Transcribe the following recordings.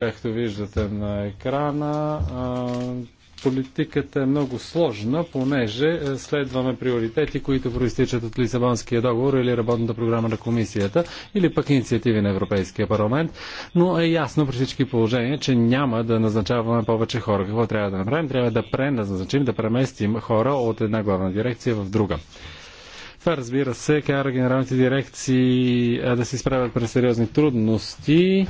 Както виждате на екрана, политиката е много сложна, понеже е, следваме приоритети, които проистичат от Лисабонския договор или работната програма на комисията, или пък инициативи на Европейския парламент, но е ясно при всички положения, че няма да назначаваме повече хора. Какво трябва да направим? Трябва да преназначим, да преместим хора от една главна дирекция в друга. Това разбира се кара генералните дирекции е, да се справят през сериозни трудности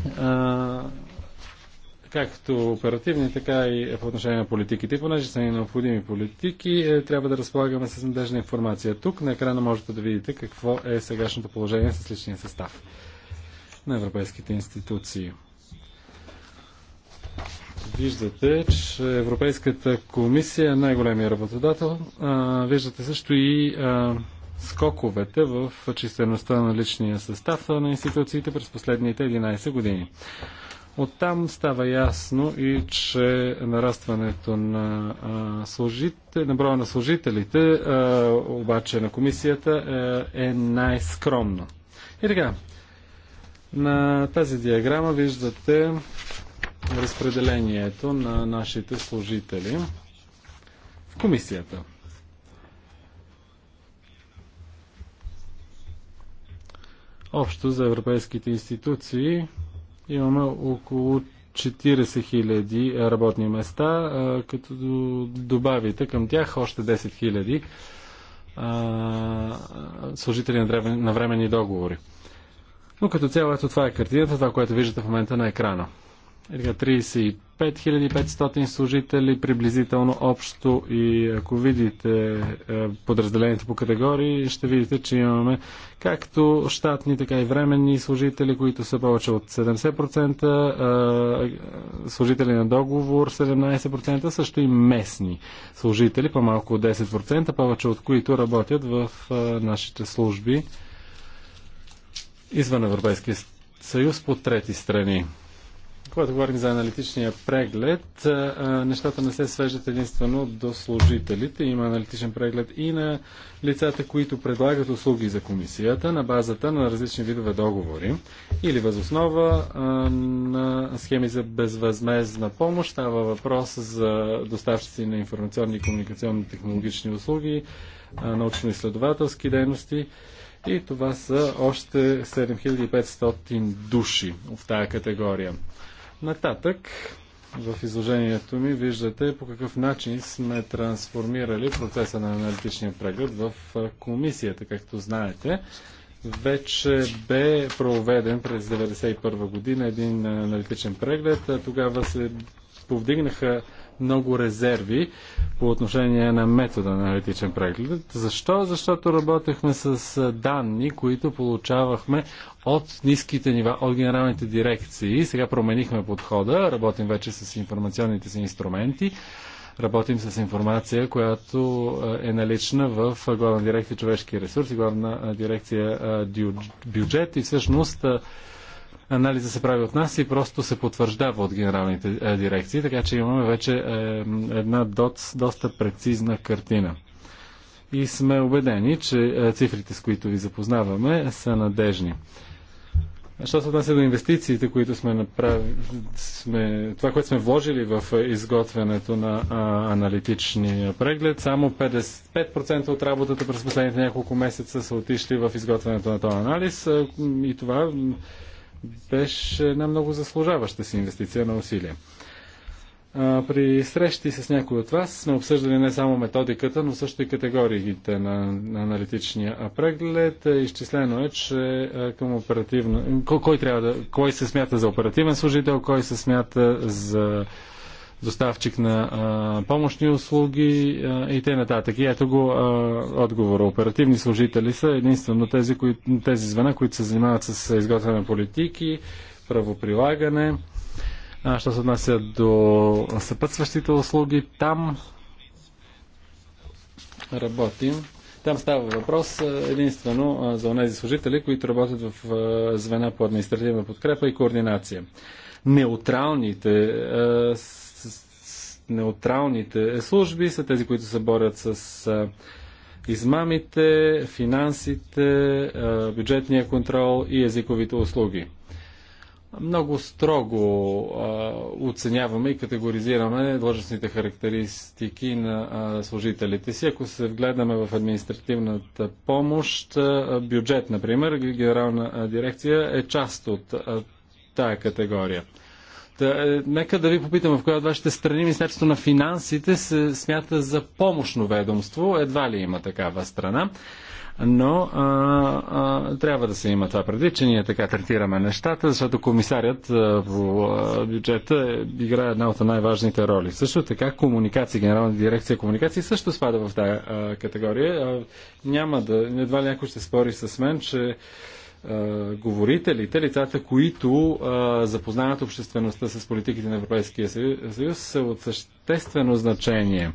както оперативни, така и по отношение на политиките. понеже са ни необходими политики, е, трябва да разполагаме с надежна информация. Тук на екрана можете да видите какво е сегашното положение с личния състав на европейските институции. Виждате, че Европейската комисия е най-големия работодател. А, виждате също и а, скоковете в числеността на личния състав на институциите през последните 11 години. Оттам става ясно и, че нарастването на, на броя на служителите, обаче на комисията, е най-скромно. И така, на тази диаграма виждате разпределението на нашите служители в комисията. Общо за европейските институции Имаме около 40 хиляди работни места, като добавите към тях още 10 хиляди служители на, временни договори. Но като цяло ето това е картината, това, което виждате в момента на екрана. 5500 35 500 служители приблизително общо и ако видите е, подразделението по категории, ще видите, че имаме както щатни, така и временни служители, които са повече от 70%, е, служители на договор 17%, също и местни служители, по-малко от 10%, повече от които работят в е, нашите служби извън Европейския съюз по трети страни. Когато говорим за аналитичния преглед, нещата не се свеждат единствено до служителите. Има аналитичен преглед и на лицата, които предлагат услуги за комисията на базата на различни видове договори или възоснова на схеми за безвъзмезна помощ. Става въпрос за доставчици на информационни и комуникационни технологични услуги, научно-изследователски дейности. И това са още 7500 души в тази категория. Нататък в изложението ми виждате по какъв начин сме трансформирали процеса на аналитичния преглед в комисията. Както знаете, вече бе проведен през 1991 година един аналитичен преглед. Тогава се повдигнаха много резерви по отношение на метода на аналитичен преглед. Защо? Защото работехме с данни, които получавахме от ниските нива, от генералните дирекции. Сега променихме подхода, работим вече с информационните си инструменти работим с информация, която е налична в Главна дирекция човешки ресурси, Главна дирекция бюджет и всъщност Анализа се прави от нас и просто се потвърждава от генералните е, дирекции, така че имаме вече е, една доста прецизна картина. И сме убедени, че е, цифрите, с които ви запознаваме, са надежни. Що се отнася до инвестициите, които сме направили, сме, това, което сме вложили в изготвянето на а, аналитичния преглед, само 55% от работата през последните няколко месеца са отишли в изготвянето на този анализ и това беше една много заслужаваща си инвестиция на усилия. При срещи с някои от вас сме обсъждали не само методиката, но също и категориите на, на аналитичния преглед. Изчислено е, че към оперативно... Кой, трябва да... кой се смята за оперативен служител, кой се смята за доставчик на а, помощни услуги а, и нататък. И ето го а, отговора. Оперативни служители са единствено тези, кои, тези звена, които се занимават с изготвяне на политики, правоприлагане. А, що се отнася до съпътстващите услуги, там работим. Там става въпрос единствено за тези служители, които работят в звена по административна подкрепа и координация. Неутралните неутралните служби са тези, които се борят с измамите, финансите, бюджетния контрол и езиковите услуги. Много строго а, оценяваме и категоризираме длъжностните характеристики на а, служителите си. Ако се вгледаме в административната помощ, а, бюджет, например, генерална дирекция е част от а, тая категория. Та, е, нека да ви попитам в коя от вашите страни Министерството на финансите се смята за помощно ведомство. Едва ли има такава страна. Но а, а, трябва да се има това предвид, че ние така третираме нещата, защото комисарят по бюджета е, играе една от най-важните роли. Също така комуникация, генерална дирекция комуникации също спада в тази категория. А, няма да, едва ли някой ще спори с мен, че говорителите, лицата, които запознават обществеността с политиките на Европейския съюз, са от съществено значение.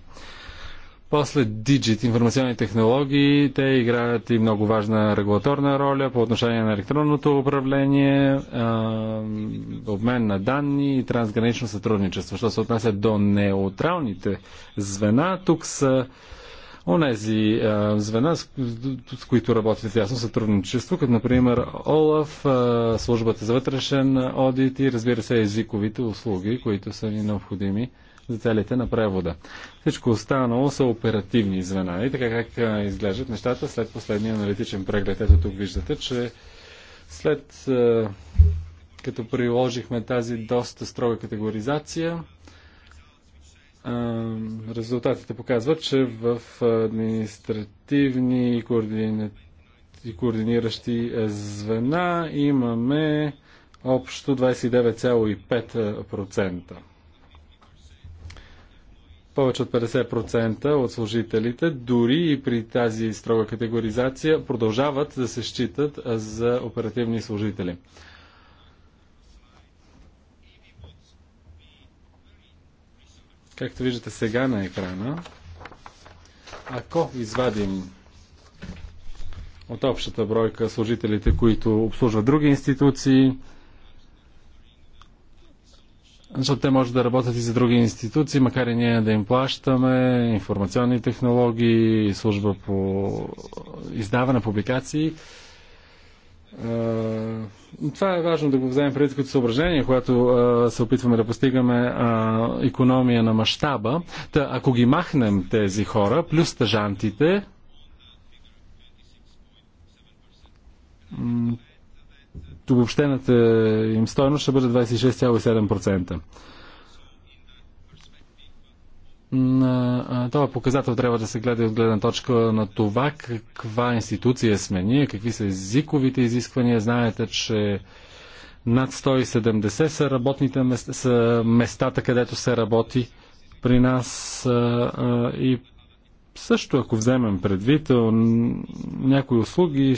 После Digit, информационни технологии, те играят и много важна регулаторна роля по отношение на електронното управление, обмен на данни и трансгранично сътрудничество. Що се отнася до неутралните звена, тук са онези е, звена, с, с които работите в ясно сътрудничество, като например ОЛАФ, е, службата за вътрешен одит и разбира се езиковите услуги, които са ни необходими за целите на превода. Всичко останало са оперативни звена. И така как изглеждат нещата след последния аналитичен преглед. Ето тук виждате, че след като приложихме тази доста строга категоризация, резултатите показват, че в административни и, координи... и координиращи звена имаме общо 29,5%. Повече от 50% от служителите, дори и при тази строга категоризация, продължават да се считат за оперативни служители. Както виждате сега на екрана, ако извадим от общата бройка служителите, които обслужват други институции, защото те може да работят и за други институции, макар и ние да им плащаме, информационни технологии, служба по издаване публикации това е важно да го вземем преди като съображение, когато а, се опитваме да постигаме а, економия на мащаба. Та, ако ги махнем тези хора, плюс стажантите, обобщената им стойност ще бъде 26,7%. Това показател трябва да се гледа от гледна точка на това каква институция сме ние, какви са езиковите изисквания. Знаете, че над 170 са работните места, са местата, където се работи при нас и също ако вземем предвид някои услуги,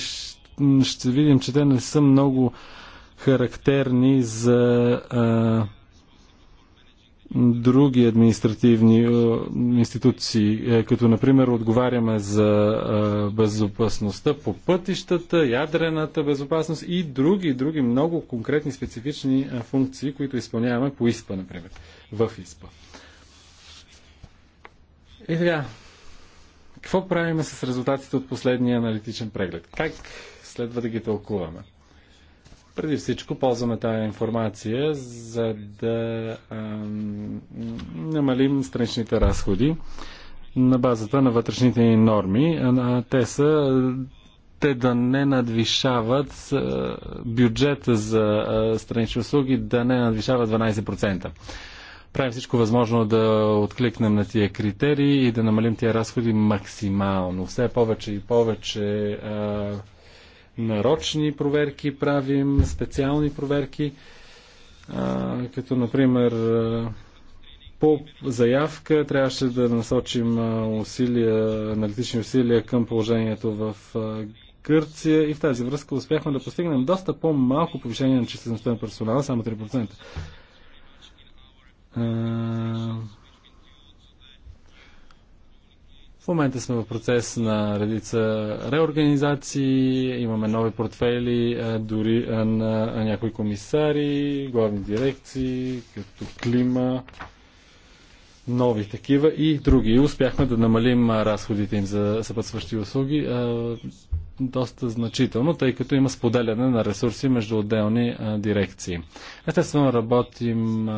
ще видим, че те не са много характерни за други административни е, институции, е, като например отговаряме за е, безопасността по пътищата, ядрената безопасност и други, други много конкретни специфични функции, които изпълняваме по ИСПА, например, в ИСПА. И така, какво правим с резултатите от последния аналитичен преглед? Как следва да ги тълкуваме? преди всичко ползваме тази информация, за да а, намалим страничните разходи на базата на вътрешните ни норми. А, те са те да не надвишават бюджета за странични услуги, да не надвишават 12%. Правим всичко възможно да откликнем на тия критерии и да намалим тия разходи максимално. Все повече и повече а, нарочни проверки правим, специални проверки, като например по заявка трябваше да насочим усилия, аналитични усилия към положението в Гърция и в тази връзка успяхме да постигнем доста по-малко повишение на числеността на персонала, само 3%. В момента сме в процес на редица реорганизации, имаме нови портфели, е, дори е, на някои комисари, главни дирекции, като клима, нови такива и други. Успяхме да намалим разходите им за съпътстващи услуги е, доста значително, тъй като има споделяне на ресурси между отделни дирекции. Естествено, работим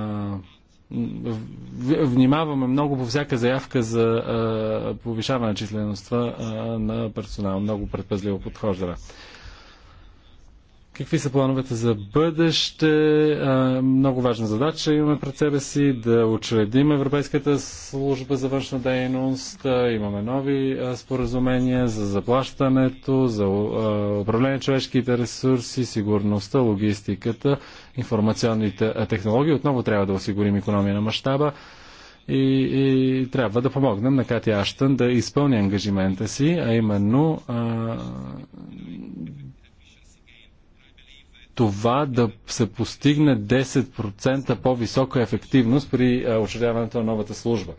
внимаваме много по всяка заявка за а, повишаване на числеността а, на персонал. Много предпазливо подхожда. Какви са плановете за бъдеще? Много важна задача имаме пред себе си да учредим Европейската служба за външна дейност. Имаме нови споразумения за заплащането, за управление човешките ресурси, сигурността, логистиката, информационните технологии. Отново трябва да осигурим економия на мащаба и, и трябва да помогнем на Кати Аштън да изпълни ангажимента си, а именно а, това да се постигне 10% по-висока ефективност при учредяването на новата служба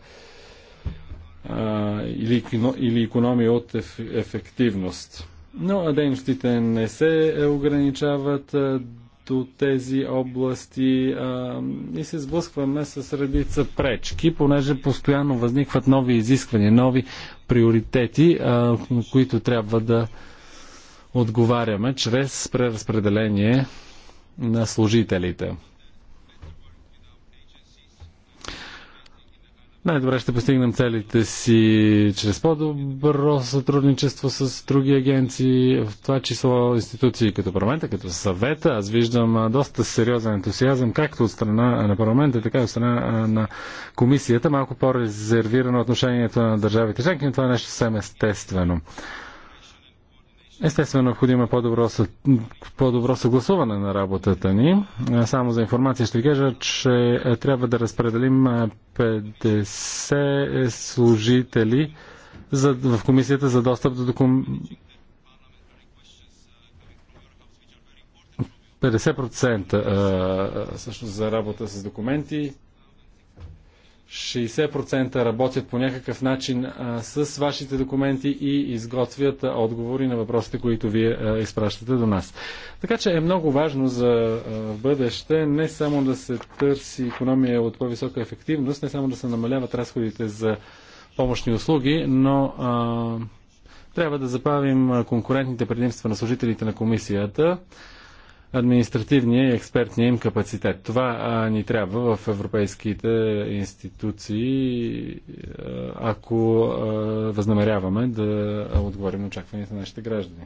или, или економия от еф, ефективност. Но дейностите не се е, ограничават до тези области а, и се сблъскваме с редица пречки, понеже постоянно възникват нови изисквания, нови приоритети, а, които трябва да, отговаряме чрез преразпределение на служителите. Най-добре ще постигнем целите си чрез по-добро сътрудничество с други агенции, в това число институции като парламента, като съвета. Аз виждам доста сериозен ентусиазъм, както от страна на парламента, така и от страна на комисията. Малко по-резервирано отношението на държавите членки, но това е нещо съвсем естествено. Естествено, необходимо е по-добро, по-добро съгласуване на работата ни. Е, само за информация ще кажа, че е, трябва да разпределим 50 е, служители за, в комисията за достъп до документи. 50% също за работа с документи 60% работят по някакъв начин а, с вашите документи и изготвят а, отговори на въпросите, които вие а, изпращате до нас. Така че е много важно за а, бъдеще не само да се търси економия от по-висока ефективност, не само да се намаляват разходите за помощни услуги, но а, трябва да запавим конкурентните предимства на служителите на комисията административния и експертния им капацитет. Това а, ни трябва в европейските институции, ако а, възнамеряваме да отговорим на очакванията на нашите граждани.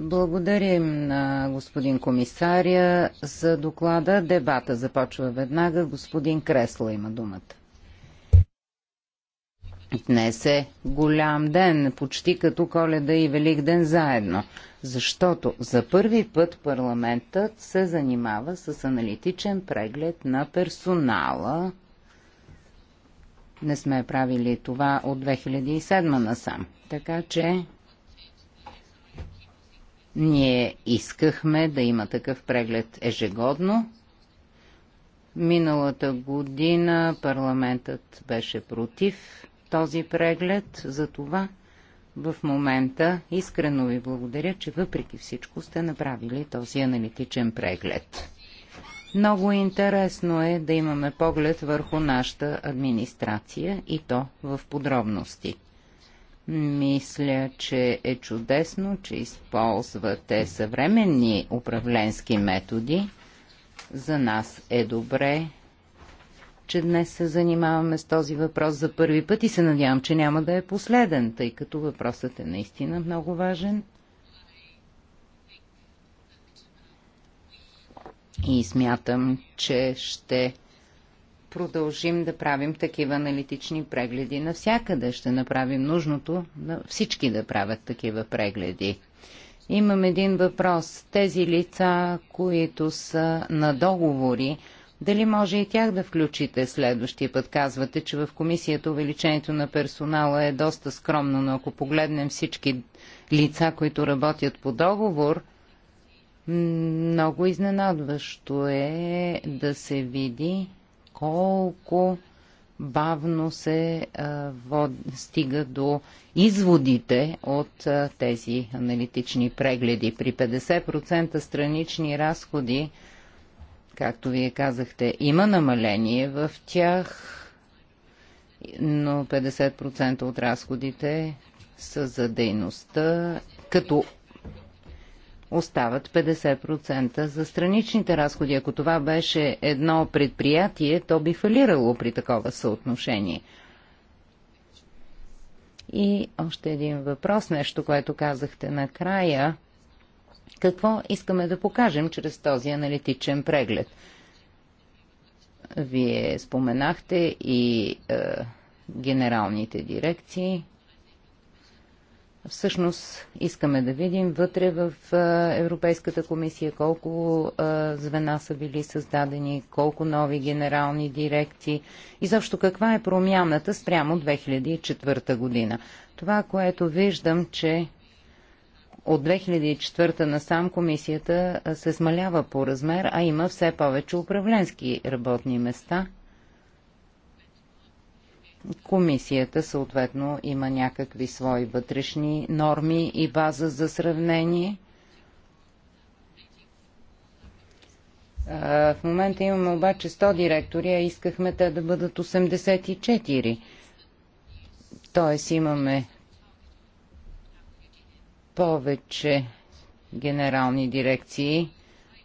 Благодарим на господин комисаря за доклада. Дебата започва веднага. Господин Кресло има думата. Днес е голям ден, почти като Коледа и Велик ден заедно, защото за първи път парламентът се занимава с аналитичен преглед на персонала. Не сме правили това от 2007 насам. Така че ние искахме да има такъв преглед ежегодно. Миналата година парламентът беше против този преглед. За това в момента искрено ви благодаря, че въпреки всичко сте направили този аналитичен преглед. Много интересно е да имаме поглед върху нашата администрация и то в подробности. Мисля, че е чудесно, че използвате съвременни управленски методи. За нас е добре че днес се занимаваме с този въпрос за първи път и се надявам, че няма да е последен, тъй като въпросът е наистина много важен. И смятам, че ще продължим да правим такива аналитични прегледи навсякъде. Ще направим нужното на всички да правят такива прегледи. Имам един въпрос. Тези лица, които са на договори, дали може и тях да включите следващия път? Казвате, че в комисията увеличението на персонала е доста скромно, но ако погледнем всички лица, които работят по договор, много изненадващо е да се види колко бавно се а, вод, стига до изводите от а, тези аналитични прегледи. При 50% странични разходи Както вие казахте, има намаление в тях, но 50% от разходите са за дейността, като остават 50% за страничните разходи. Ако това беше едно предприятие, то би фалирало при такова съотношение. И още един въпрос, нещо, което казахте накрая – какво искаме да покажем чрез този аналитичен преглед? Вие споменахте и е, генералните дирекции. Всъщност искаме да видим вътре в е, Европейската комисия колко е, звена са били създадени, колко нови генерални дирекции и защо каква е промяната спрямо 2004 година. Това, което виждам, че от 2004 насам комисията се смалява по размер, а има все повече управленски работни места. Комисията съответно има някакви свои вътрешни норми и база за сравнение. В момента имаме обаче 100 директори, а искахме те да бъдат 84. Тоест имаме повече генерални дирекции,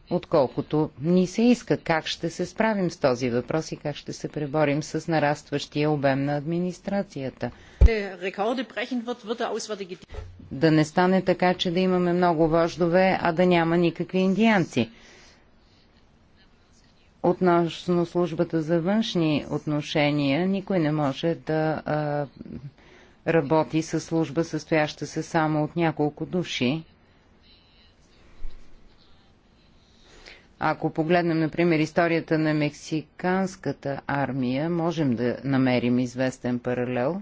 отколкото ни се иска. Как ще се справим с този въпрос и как ще се преборим с нарастващия обем на администрацията? Да не стане така, че да имаме много вождове, а да няма никакви индианци. Относно службата за външни отношения, никой не може да а, работи със служба, състояща се само от няколко души. Ако погледнем, например, историята на мексиканската армия, можем да намерим известен паралел.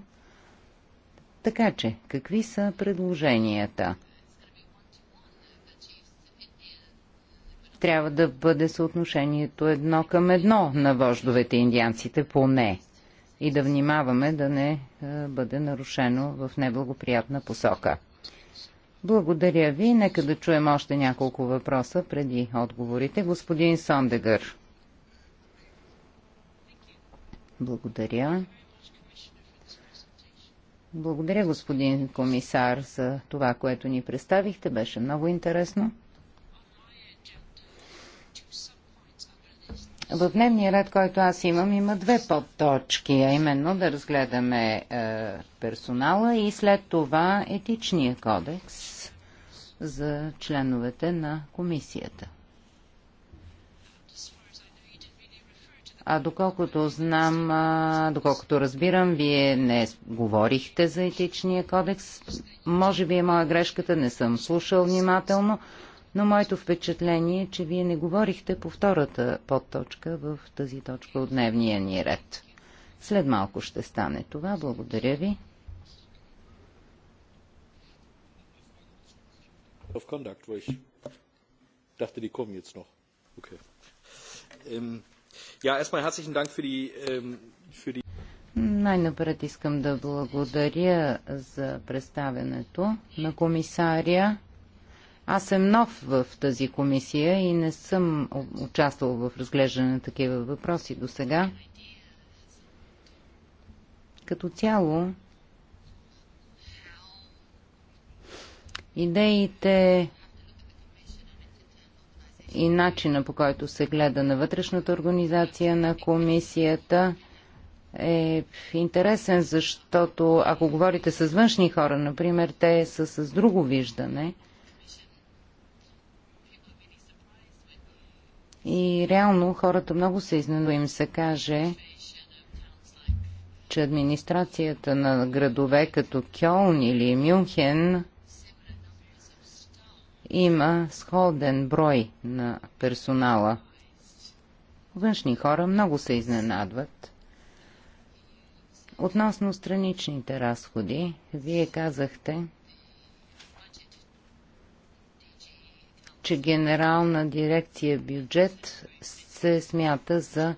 Така че, какви са предложенията? Трябва да бъде съотношението едно към едно на вождовете индианците, поне и да внимаваме да не е, бъде нарушено в неблагоприятна посока. Благодаря ви. Нека да чуем още няколко въпроса преди отговорите. Господин Сондегър. Благодаря. Благодаря, господин комисар, за това, което ни представихте. Беше много интересно. В дневния ред, който аз имам, има две подточки, а именно да разгледаме е, персонала и след това етичния кодекс за членовете на комисията. А доколкото знам, а, доколкото разбирам, вие не говорихте за етичния кодекс. Може би е моя грешката, не съм слушал внимателно но моето впечатление е, че вие не говорихте по втората подточка в тази точка от дневния ни ред. След малко ще стане това. Благодаря ви. Of Conduct, wo ich dachte, die kommen jetzt noch. Okay. Ähm, ja, erstmal herzlichen Dank für die, ähm, für die най-напред искам да благодаря за представянето на комисария. Аз съм нов в тази комисия и не съм участвал в разглеждане на такива въпроси до сега. Като цяло, идеите и начина по който се гледа на вътрешната организация на комисията е интересен, защото ако говорите с външни хора, например, те са с друго виждане – И реално хората много се изненадват им се каже, че администрацията на градове като Кьолн или Мюнхен има сходен брой на персонала. Външни хора много се изненадват. Относно страничните разходи, вие казахте, че генерална дирекция бюджет се смята за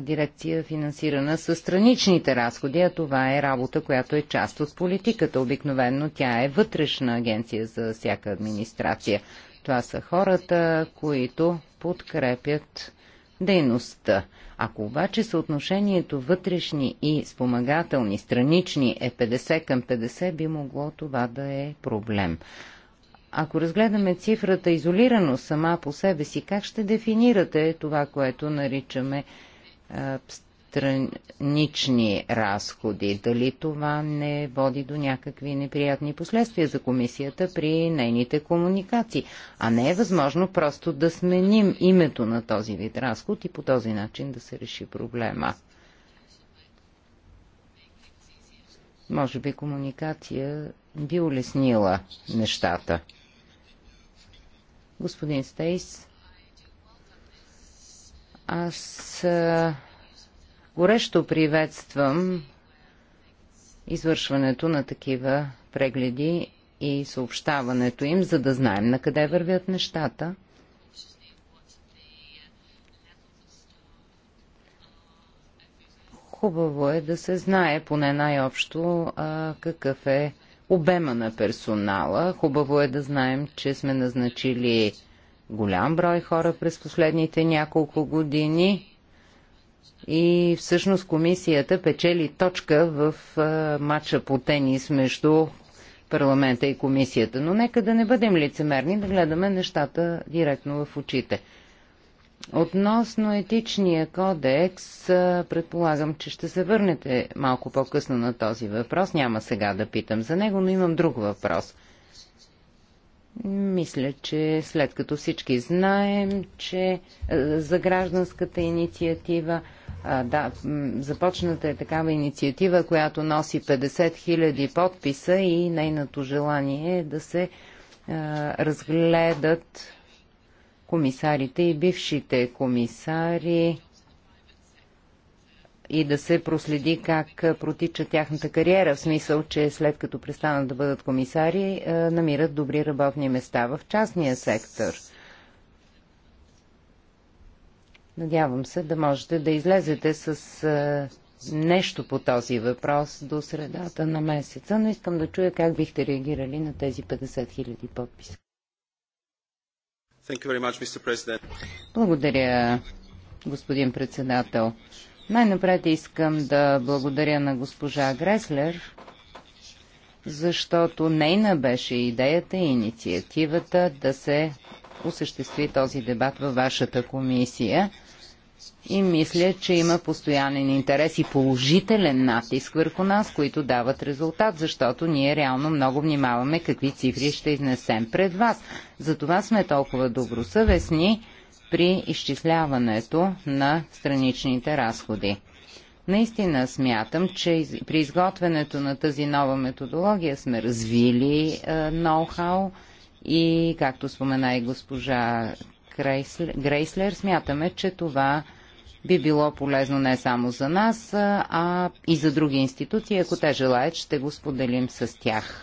дирекция финансирана с страничните разходи, а това е работа, която е част от политиката. Обикновенно тя е вътрешна агенция за всяка администрация. Това са хората, които подкрепят дейността. Ако обаче съотношението вътрешни и спомагателни, странични е 50 към 50, би могло това да е проблем. Ако разгледаме цифрата изолирано сама по себе си, как ще дефинирате това, което наричаме а, странични разходи? Дали това не води до някакви неприятни последствия за комисията при нейните комуникации? А не е възможно просто да сменим името на този вид разход и по този начин да се реши проблема. Може би комуникация би улеснила нещата. Господин Стейс, аз горещо приветствам извършването на такива прегледи и съобщаването им, за да знаем на къде вървят нещата. Хубаво е да се знае поне най-общо какъв е обема на персонала. Хубаво е да знаем, че сме назначили голям брой хора през последните няколко години и всъщност комисията печели точка в матча по тенис между парламента и комисията. Но нека да не бъдем лицемерни, да гледаме нещата директно в очите. Относно етичния кодекс, предполагам, че ще се върнете малко по-късно на този въпрос. Няма сега да питам за него, но имам друг въпрос. Мисля, че след като всички знаем, че за гражданската инициатива, да, започната е такава инициатива, която носи 50 000 подписа и нейното желание е да се разгледат комисарите и бившите комисари и да се проследи как протича тяхната кариера, в смисъл, че след като престанат да бъдат комисари, намират добри работни места в частния сектор. Надявам се да можете да излезете с нещо по този въпрос до средата на месеца, но искам да чуя как бихте реагирали на тези 50 000 подписа. Благодаря, господин председател. Най-напред искам да благодаря на госпожа Греслер, защото нейна беше идеята и инициативата да се осъществи този дебат във вашата комисия и мисля, че има постоянен интерес и положителен натиск върху нас, които дават резултат, защото ние реално много внимаваме какви цифри ще изнесем пред вас. Затова сме толкова добросъвестни при изчисляването на страничните разходи. Наистина смятам, че при изготвянето на тази нова методология сме развили е, ноу-хау и, както спомена и госпожа Грейслер, смятаме, че това би било полезно не само за нас, а и за други институции. Ако те желаят, ще го споделим с тях.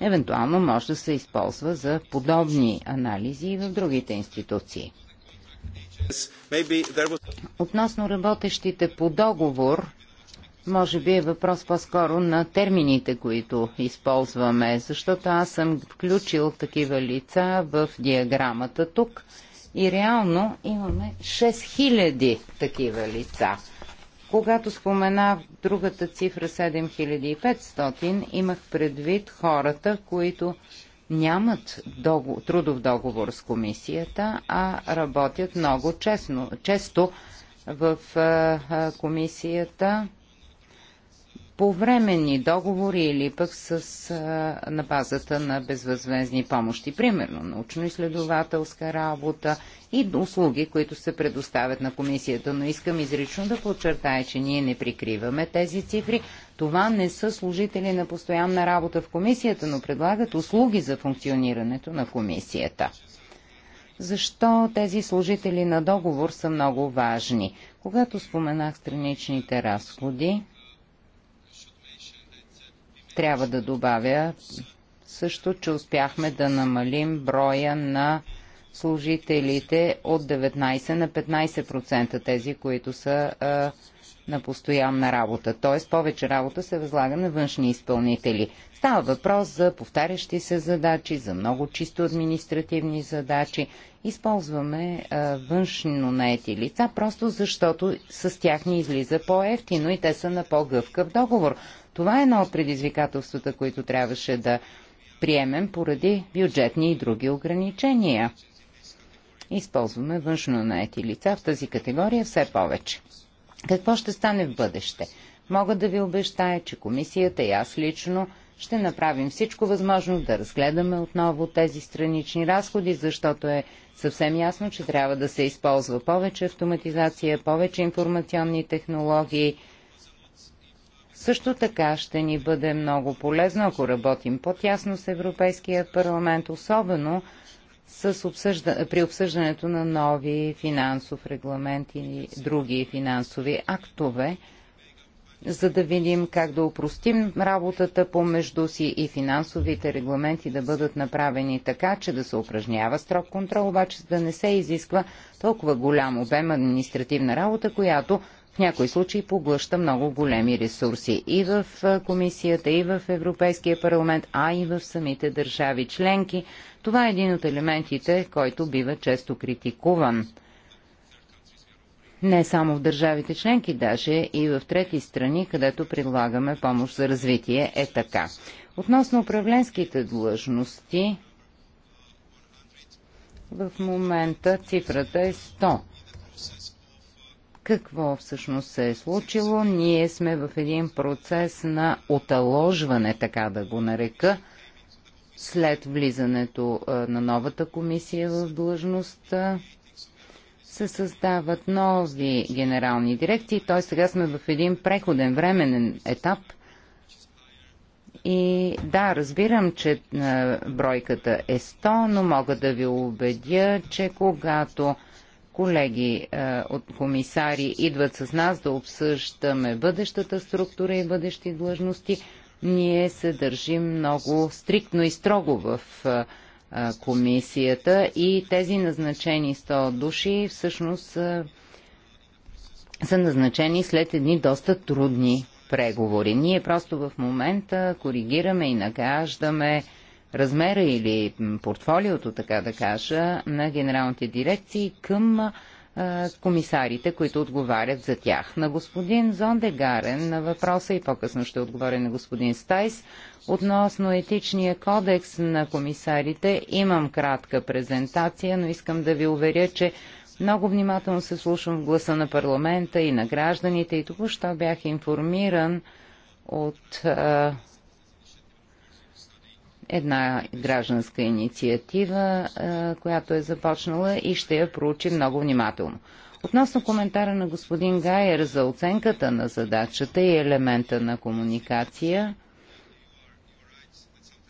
Евентуално може да се използва за подобни анализи и в другите институции. Относно работещите по договор, може би е въпрос по-скоро на термините, които използваме, защото аз съм включил такива лица в диаграмата тук и реално имаме 6000 такива лица. Когато споменах другата цифра 7500, имах предвид хората, които нямат договор, трудов договор с комисията, а работят много честно, често в комисията по временни договори или пък с, а, на базата на безвъзвездни помощи, примерно научно-изследователска работа и услуги, които се предоставят на комисията. Но искам изрично да подчертая, че ние не прикриваме тези цифри. Това не са служители на постоянна работа в комисията, но предлагат услуги за функционирането на комисията. Защо тези служители на договор са много важни? Когато споменах страничните разходи, трябва да добавя също, че успяхме да намалим броя на служителите от 19 на 15% тези, които са а, на постоянна работа. Т.е. повече работа се възлага на външни изпълнители. Става въпрос за повтарящи се задачи, за много чисто административни задачи. Използваме а, външно наети лица, просто защото с тях ни излиза по-ефтино и те са на по-гъвкав договор. Това е едно от предизвикателствата, които трябваше да приемем поради бюджетни и други ограничения. Използваме външно наети лица в тази категория все повече. Какво ще стане в бъдеще? Мога да ви обещая, че комисията и аз лично ще направим всичко възможно да разгледаме отново тези странични разходи, защото е съвсем ясно, че трябва да се използва повече автоматизация, повече информационни технологии – също така ще ни бъде много полезно, ако работим по-тясно с Европейския парламент, особено с обсъжда... при обсъждането на нови финансов регламент и други финансови актове, за да видим как да упростим работата помежду си и финансовите регламенти да бъдат направени така, че да се упражнява строг контрол, обаче да не се изисква толкова голям обем административна работа, която в някои случаи поглъща много големи ресурси и в комисията, и в Европейския парламент, а и в самите държави членки. Това е един от елементите, който бива често критикуван. Не само в държавите членки, даже и в трети страни, където предлагаме помощ за развитие, е така. Относно управленските длъжности, в момента цифрата е 100 какво всъщност се е случило? Ние сме в един процес на оталожване, така да го нарека, след влизането на новата комисия в длъжността се създават нови генерални дирекции, т.е. сега сме в един преходен временен етап. И да, разбирам, че бройката е 100, но мога да ви убедя, че когато колеги е, от комисари идват с нас да обсъждаме бъдещата структура и бъдещи длъжности. Ние се държим много стриктно и строго в е, е комисията и тези назначени 100 души всъщност е, са назначени след едни доста трудни преговори. Ние просто в момента коригираме и нагаждаме размера или портфолиото, така да кажа, на генералните дирекции към комисарите, които отговарят за тях. На господин Зондегарен на въпроса и по-късно ще отговоря на господин Стайс относно етичния кодекс на комисарите. Имам кратка презентация, но искам да ви уверя, че много внимателно се слушам в гласа на парламента и на гражданите и току-що бях информиран от една гражданска инициатива, която е започнала и ще я проучи много внимателно. Относно коментара на господин Гайер за оценката на задачата и елемента на комуникация,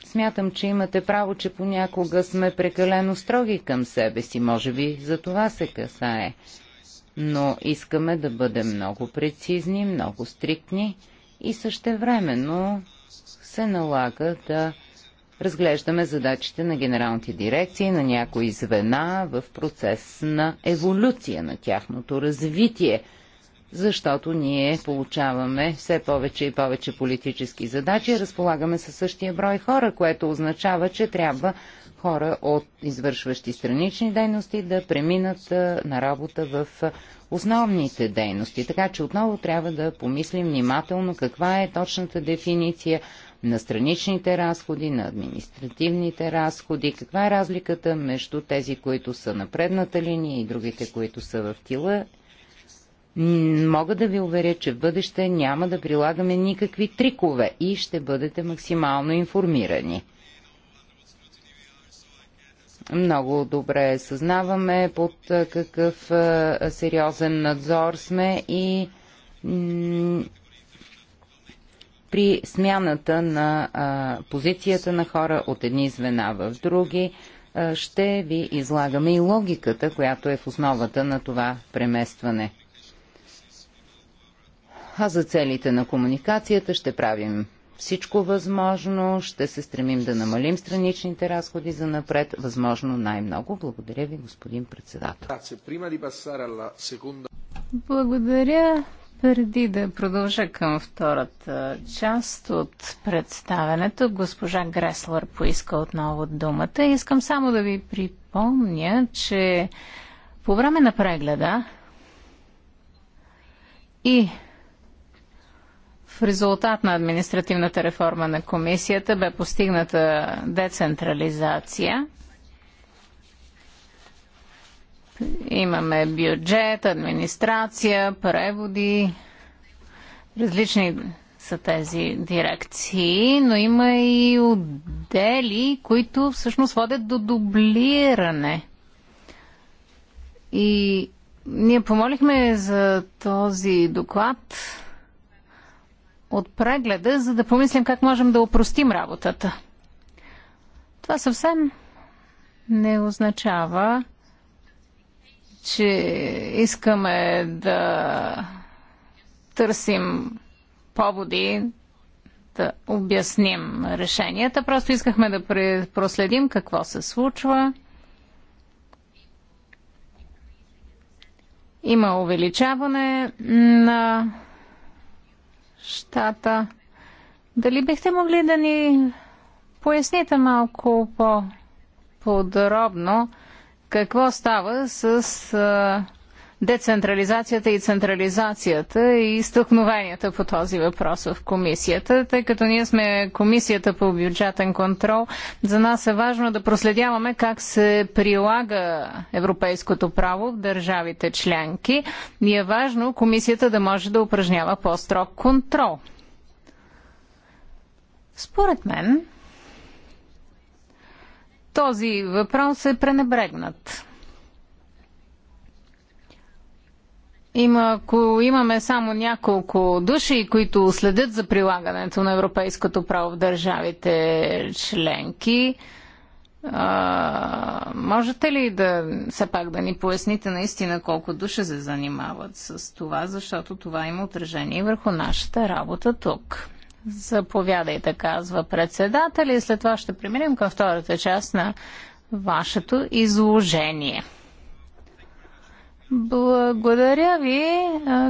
смятам, че имате право, че понякога сме прекалено строги към себе си. Може би за това се касае. Но искаме да бъдем много прецизни, много стриктни и същевременно се налага да разглеждаме задачите на генералните дирекции, на някои звена в процес на еволюция на тяхното развитие, защото ние получаваме все повече и повече политически задачи, разполагаме със същия брой хора, което означава, че трябва хора от извършващи странични дейности да преминат на работа в основните дейности. Така че отново трябва да помислим внимателно каква е точната дефиниция, на страничните разходи, на административните разходи? Каква е разликата между тези, които са на предната линия и другите, които са в тила? Мога да ви уверя, че в бъдеще няма да прилагаме никакви трикове и ще бъдете максимално информирани много добре съзнаваме под какъв сериозен надзор сме и при смяната на а, позицията на хора от едни звена в други. А, ще ви излагаме и логиката, която е в основата на това преместване. А за целите на комуникацията ще правим всичко възможно, ще се стремим да намалим страничните разходи за напред, възможно най-много. Благодаря ви, господин председател. Благодаря. Преди да продължа към втората част от представенето, госпожа Греслер поиска отново думата. Искам само да ви припомня, че по време на прегледа и в резултат на административната реформа на комисията бе постигната децентрализация – Имаме бюджет, администрация, преводи, различни са тези дирекции, но има и отдели, които всъщност водят до дублиране. И ние помолихме за този доклад от прегледа, за да помислим как можем да опростим работата. Това съвсем не означава, че искаме да търсим поводи да обясним решенията. Просто искахме да проследим какво се случва. Има увеличаване на щата. Дали бихте могли да ни поясните малко по-подробно? какво става с а, децентрализацията и централизацията и стъкновенията по този въпрос в комисията, тъй като ние сме комисията по бюджетен контрол, за нас е важно да проследяваме как се прилага европейското право в държавите членки и е важно комисията да може да упражнява по-строг контрол. Според мен, този въпрос е пренебрегнат. Има, ако имаме само няколко души, които следят за прилагането на европейското право в държавите членки, а, можете ли да все пак да ни поясните наистина колко души се занимават с това, защото това има отражение върху нашата работа тук? Заповядайте, казва председател и след това ще преминем към втората част на вашето изложение. Благодаря ви.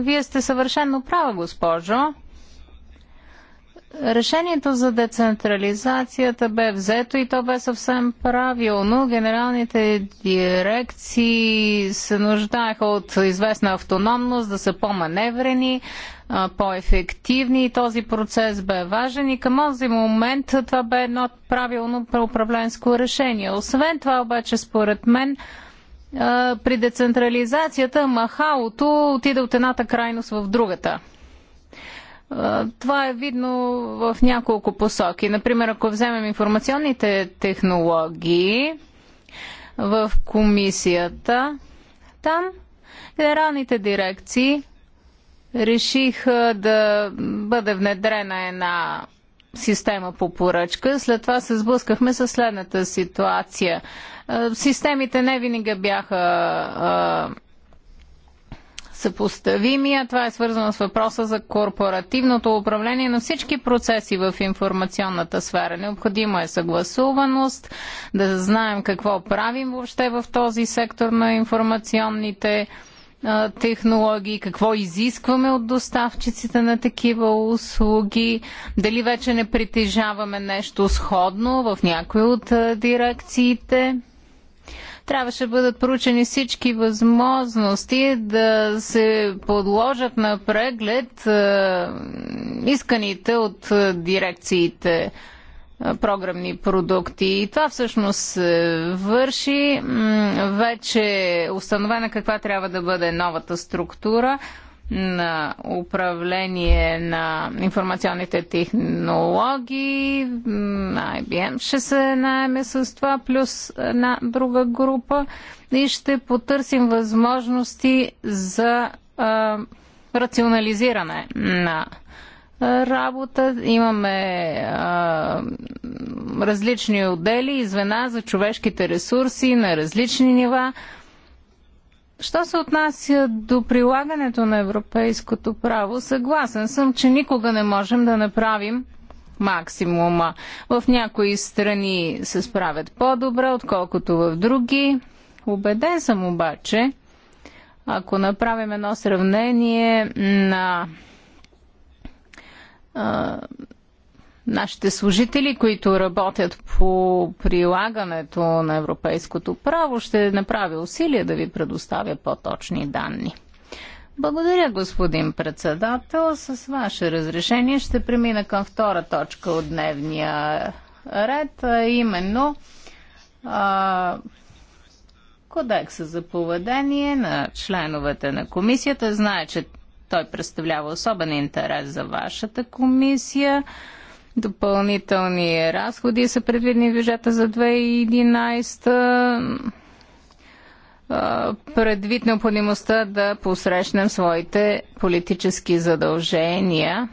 Вие сте съвършенно права, госпожо. Решението за децентрализацията бе взето и то бе съвсем правилно. Генералните дирекции се нуждаеха от известна автономност, да са по-маневрени, по-ефективни и този процес бе важен и към този момент това бе едно правилно управленско решение. Освен това обаче според мен при децентрализацията махалото отиде от едната крайност в другата. Това е видно в няколко посоки. Например, ако вземем информационните технологии в комисията, там генералните дирекции реших да бъде внедрена една система по поръчка. След това се сблъскахме с следната ситуация. Системите не винаги бяха съпоставими, а това е свързано с въпроса за корпоративното управление на всички процеси в информационната сфера. Необходима е съгласуваност, да знаем какво правим въобще в този сектор на информационните технологии, какво изискваме от доставчиците на такива услуги, дали вече не притежаваме нещо сходно в някои от дирекциите. Трябваше да бъдат проучени всички възможности да се подложат на преглед исканите от дирекциите е, програмни продукти. И това всъщност върши. Вече е установена каква трябва да бъде новата структура на управление на информационните технологии. IBM ще се найеме с това, плюс една друга група. И ще потърсим възможности за а, рационализиране на работа. Имаме а, различни отдели и звена за човешките ресурси на различни нива. Що се отнася до прилагането на европейското право, съгласен съм, че никога не можем да направим максимума. В някои страни се справят по-добре, отколкото в други. Обеден съм обаче, ако направим едно сравнение на а, нашите служители, които работят по прилагането на европейското право, ще направи усилия да ви предоставя по-точни данни. Благодаря, господин председател. С ваше разрешение ще премина към втора точка от дневния ред, а именно а, кодекса за поведение на членовете на комисията. Знае, че той представлява особен интерес за вашата комисия. Допълнителни разходи са предвидени в бюджета за 2011 предвид необходимостта да посрещнем своите политически задължения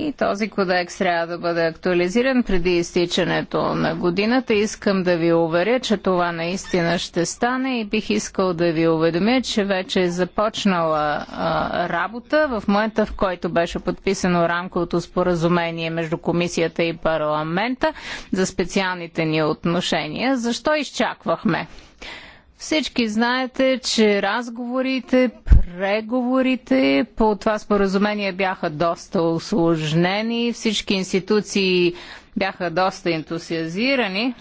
и този кодекс трябва да бъде актуализиран преди изтичането на годината. Искам да ви уверя, че това наистина ще стане и бих искал да ви уведомя, че вече е започнала а, работа в момента, в който беше подписано рамковото споразумение между комисията и парламента за специалните ни отношения. Защо изчаквахме? Всички знаете, че разговорите, преговорите по това споразумение бяха доста осложнени, всички институции бяха доста ентусиазирани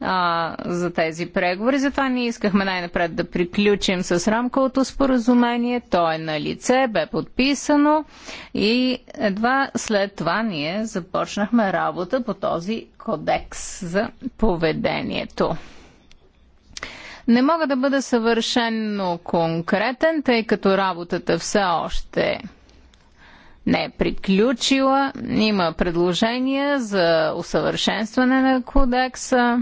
а, за тези преговори. Затова ние искахме най-напред да приключим с рамковото споразумение. То е на лице, бе подписано и едва след това ние започнахме работа по този кодекс за поведението. Не мога да бъда съвършенно конкретен, тъй като работата все още не е приключила. Има предложения за усъвършенстване на кодекса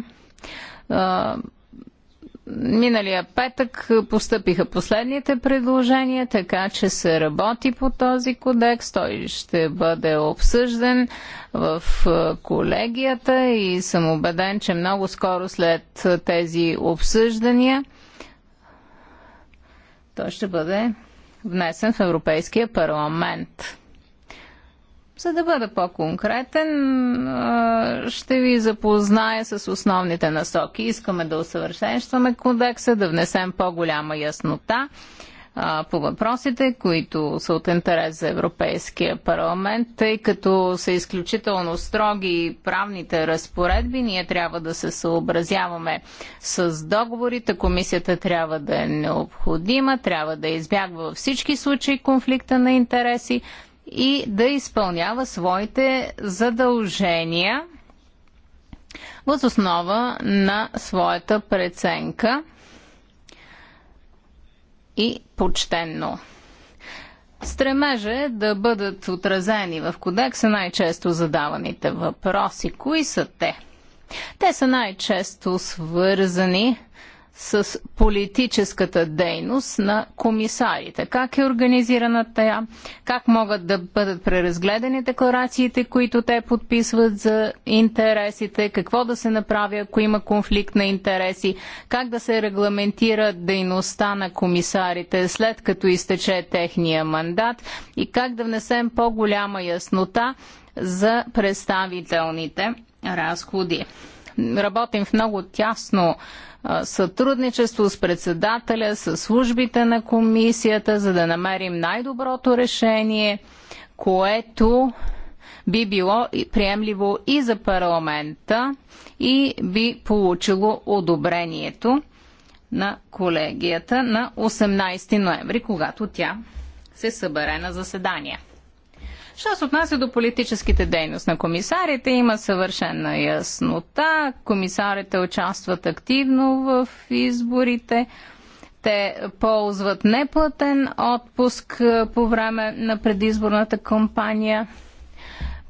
миналия петък постъпиха последните предложения, така че се работи по този кодекс. Той ще бъде обсъжден в е, колегията и съм убеден, че много скоро след е, тези обсъждания той ще бъде внесен в Европейския парламент. За да бъда по-конкретен, ще ви запозная с основните насоки. Искаме да усъвършенстваме кодекса, да внесем по-голяма яснота по въпросите, които са от интерес за Европейския парламент, тъй като са изключително строги правните разпоредби, ние трябва да се съобразяваме с договорите, комисията трябва да е необходима, трябва да избягва във всички случаи конфликта на интереси, и да изпълнява своите задължения въз основа на своята преценка и почтенно. Стремеже да бъдат отразени в кодекса най-често задаваните въпроси. Кои са те? Те са най-често свързани с политическата дейност на комисарите. Как е организирана тя? Как могат да бъдат преразгледани декларациите, които те подписват за интересите? Какво да се направи, ако има конфликт на интереси? Как да се регламентира дейността на комисарите след като изтече техния мандат? И как да внесем по-голяма яснота за представителните разходи? Работим в много тясно сътрудничество с председателя, с службите на комисията, за да намерим най-доброто решение, което би било приемливо и за парламента и би получило одобрението на колегията на 18 ноември, когато тя се събере на заседание. Що се отнася до политическите дейност на комисарите, има съвършена яснота. Комисарите участват активно в изборите. Те ползват неплатен отпуск е, по време на предизборната кампания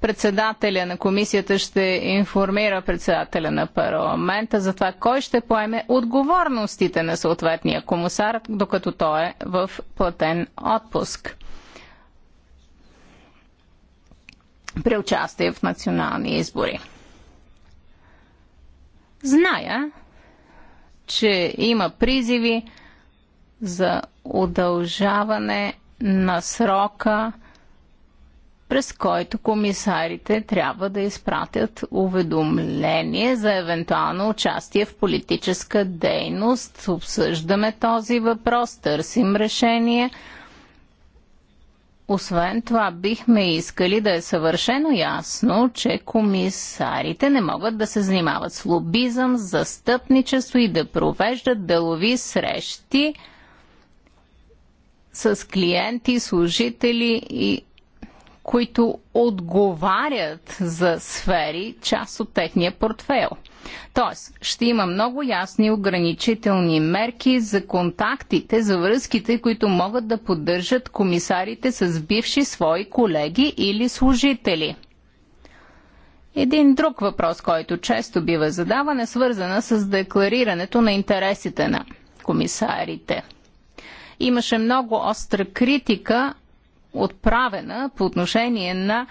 председателя на комисията ще информира председателя на парламента за това кой ще поеме отговорностите на съответния комисар, докато той е в платен отпуск. при участие в национални избори. Зная, че има призиви за удължаване на срока, през който комисарите трябва да изпратят уведомление за евентуално участие в политическа дейност. Обсъждаме този въпрос, търсим решение – освен това, бихме искали да е съвършено ясно, че комисарите не могат да се занимават с лобизъм, застъпничество и да провеждат делови срещи с клиенти, служители и които отговарят за сфери, част от техния портфел. Тоест, ще има много ясни ограничителни мерки за контактите, за връзките, които могат да поддържат комисарите с бивши свои колеги или служители. Един друг въпрос, който често бива задаван, е свързана с декларирането на интересите на комисарите. Имаше много остра критика отправена по отношение на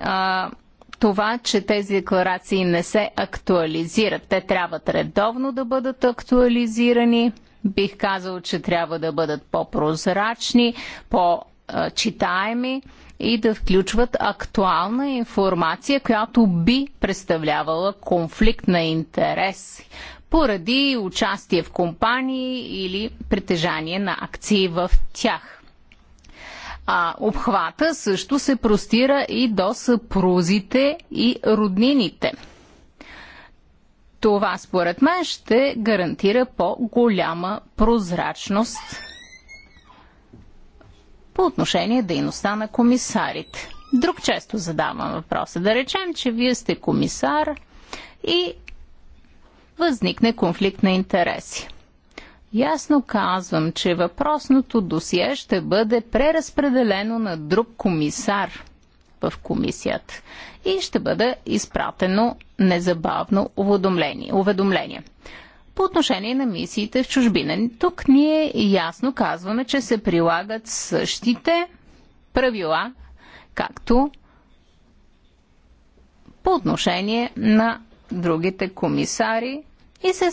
а, това, че тези декларации не се актуализират. Те трябва редовно да бъдат актуализирани. Бих казал, че трябва да бъдат по-прозрачни, по-читаеми и да включват актуална информация, която би представлявала конфликт на интерес поради участие в компании или притежание на акции в тях. А обхвата също се простира и до съпрузите и роднините. Това според мен ще гарантира по-голяма прозрачност по отношение дейността на комисарите. Друг често задавам въпроса. Да речем, че вие сте комисар и възникне конфликт на интереси. Ясно казвам, че въпросното досие ще бъде преразпределено на друг комисар в комисията и ще бъде изпратено незабавно уведомление. уведомление. По отношение на мисиите в чужбина, тук ние ясно казваме, че се прилагат същите правила, както по отношение на другите комисари и се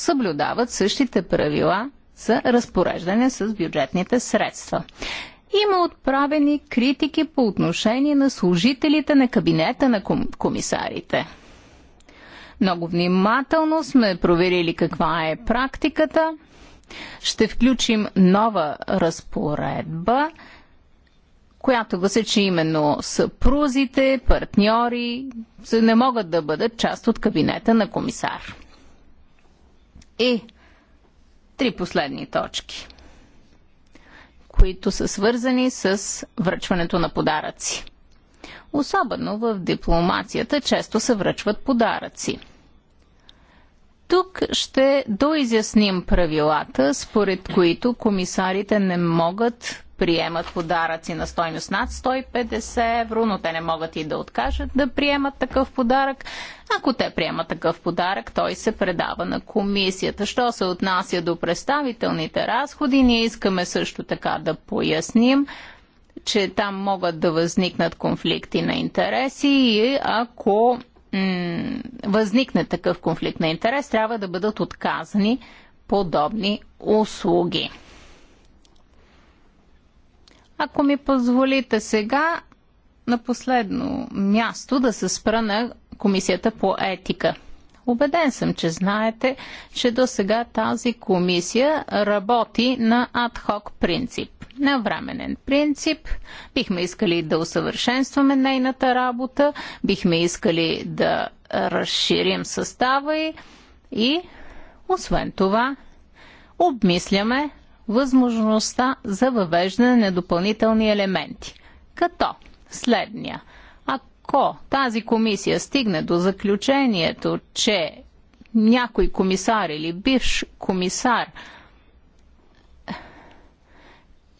съблюдават същите правила за разпореждане с бюджетните средства. Има отправени критики по отношение на служителите на кабинета на ком- комисарите. Много внимателно сме проверили каква е практиката. Ще включим нова разпоредба, която гласи, че именно съпрузите, партньори не могат да бъдат част от кабинета на комисар и три последни точки, които са свързани с връчването на подаръци. Особено в дипломацията често се връчват подаръци. Тук ще доизясним правилата, според които комисарите не могат приемат подаръци на стойност над 150 евро, но те не могат и да откажат да приемат такъв подарък. Ако те приемат такъв подарък, той се предава на комисията. Що се отнася до представителните разходи, ние искаме също така да поясним, че там могат да възникнат конфликти на интереси и ако възникне такъв конфликт на интерес, трябва да бъдат отказани подобни услуги. Ако ми позволите сега на последно място да се спра на Комисията по етика. Обеден съм, че знаете, че до сега тази комисия работи на адхок принцип. На временен принцип бихме искали да усъвършенстваме нейната работа, бихме искали да разширим състава и, и освен това обмисляме възможността за въвеждане на допълнителни елементи. Като следния. Ако тази комисия стигне до заключението, че някой комисар или бивш комисар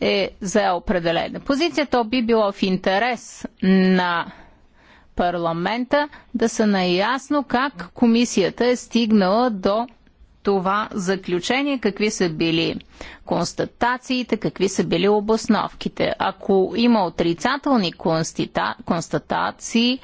е за определена позиция, то би било в интерес на парламента да са наясно как комисията е стигнала до това заключение, какви са били констатациите, какви са били обосновките. Ако има отрицателни констата, констатации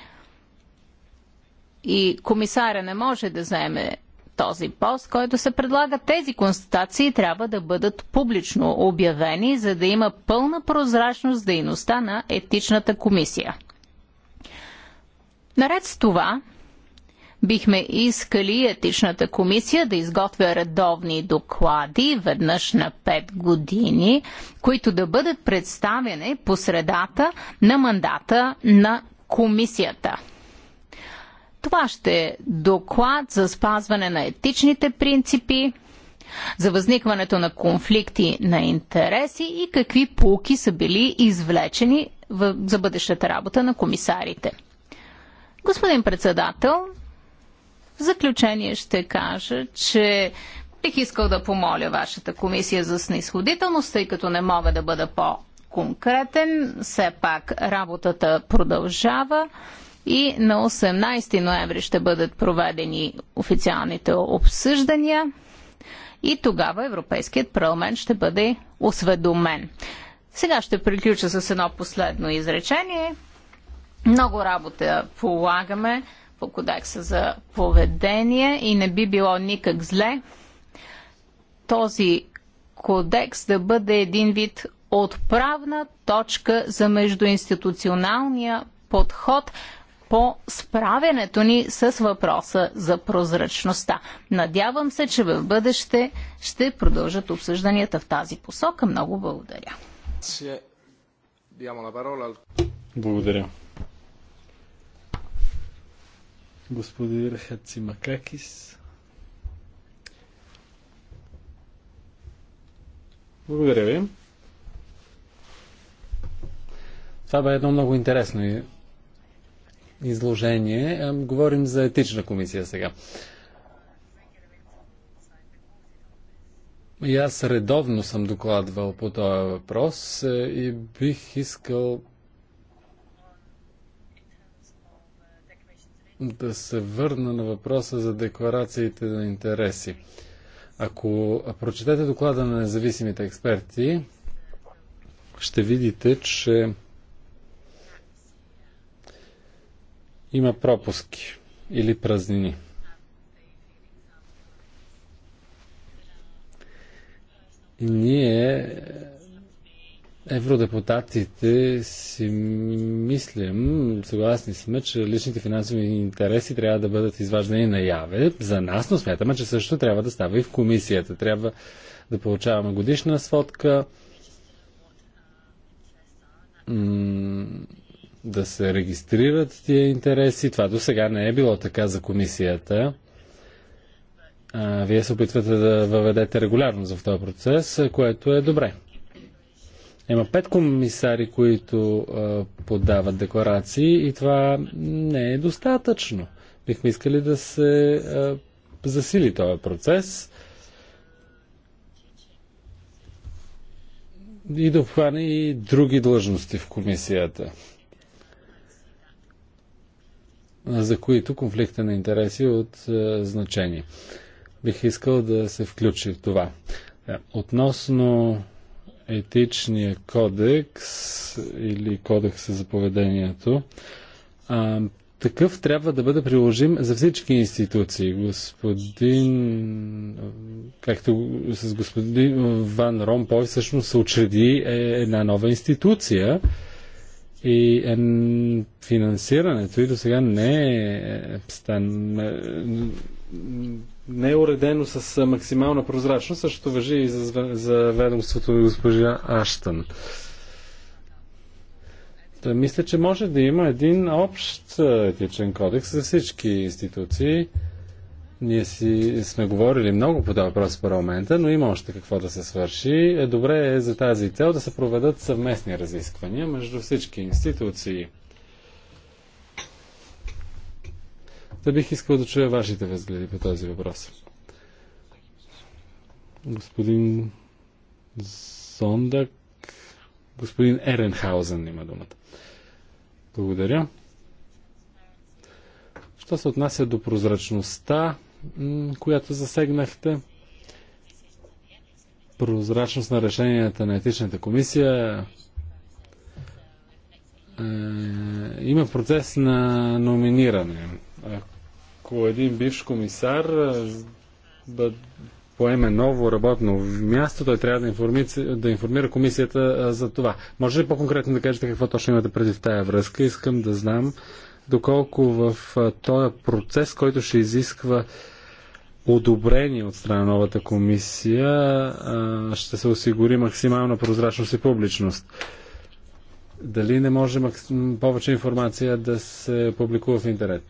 и комисаря не може да вземе този пост, който се предлага, тези констатации трябва да бъдат публично обявени, за да има пълна прозрачност дейността на етичната комисия. Наред с това, Бихме искали етичната комисия да изготвя редовни доклади веднъж на 5 години, които да бъдат представени по средата на мандата на комисията. Това ще е доклад за спазване на етичните принципи, за възникването на конфликти на интереси и какви полки са били извлечени в, за бъдещата работа на комисарите. Господин председател, в заключение ще кажа, че бих искал да помоля вашата комисия за снисходителност, тъй като не мога да бъда по-конкретен. Все пак работата продължава и на 18 ноември ще бъдат проведени официалните обсъждания и тогава Европейският парламент ще бъде осведомен. Сега ще приключа с едно последно изречение. Много работа полагаме по кодекса за поведение и не би било никак зле този кодекс да бъде един вид отправна точка за междуинституционалния подход по справянето ни с въпроса за прозрачността. Надявам се, че в бъдеще ще продължат обсъжданията в тази посока. Много благодаря. Благодаря господин Макакис. Благодаря ви. Това бе едно много интересно изложение. Говорим за етична комисия сега. И аз редовно съм докладвал по този въпрос е, и бих искал да се върна на въпроса за декларациите на интереси. Ако прочетете доклада на независимите експерти, ще видите, че има пропуски или празнини. И ние евродепутатите си мислим, съгласни сме, че личните финансови интереси трябва да бъдат изваждани наяве за нас, но смятаме, че също трябва да става и в комисията. Трябва да получаваме годишна сводка, да се регистрират тия интереси. Това до сега не е било така за комисията. вие се опитвате да въведете регулярно в този процес, което е добре. Има пет комисари, които а, подават декларации и това не е достатъчно. Бихме искали да се а, засили този процес и да обхване и други длъжности в комисията, за които конфликта на интереси е от а, значение. Бих искал да се включи в това. Е, относно етичния кодекс или кодекс за поведението, а, такъв трябва да бъде приложим за всички институции. Господин, както с господин Ван Ромпой, всъщност се учреди е една нова институция и е, финансирането и до сега не е, е стан, не е уредено с максимална прозрачност, също въжи и за, за ведомството на госпожа Аштън. Та, мисля, че може да има един общ етичен кодекс за всички институции. Ние си сме говорили много по този въпрос в парламента, но има още какво да се свърши. Е, добре е за тази цел да се проведат съвместни разисквания между всички институции. Да бих искал да чуя вашите възгледи по този въпрос. Господин Зондак, господин Еренхаузен има думата. Благодаря. Що се отнася до прозрачността, която засегнахте, прозрачност на решенията на етичната комисия, е, има процес на номиниране ако един бивш комисар поеме ново работно място, той трябва да, информи, да информира комисията за това. Може ли по-конкретно да кажете какво точно имате преди в тая връзка? Искам да знам доколко в този процес, който ще изисква одобрение от страна на новата комисия, ще се осигури максимална прозрачност и публичност. Дали не може повече информация да се публикува в интернет?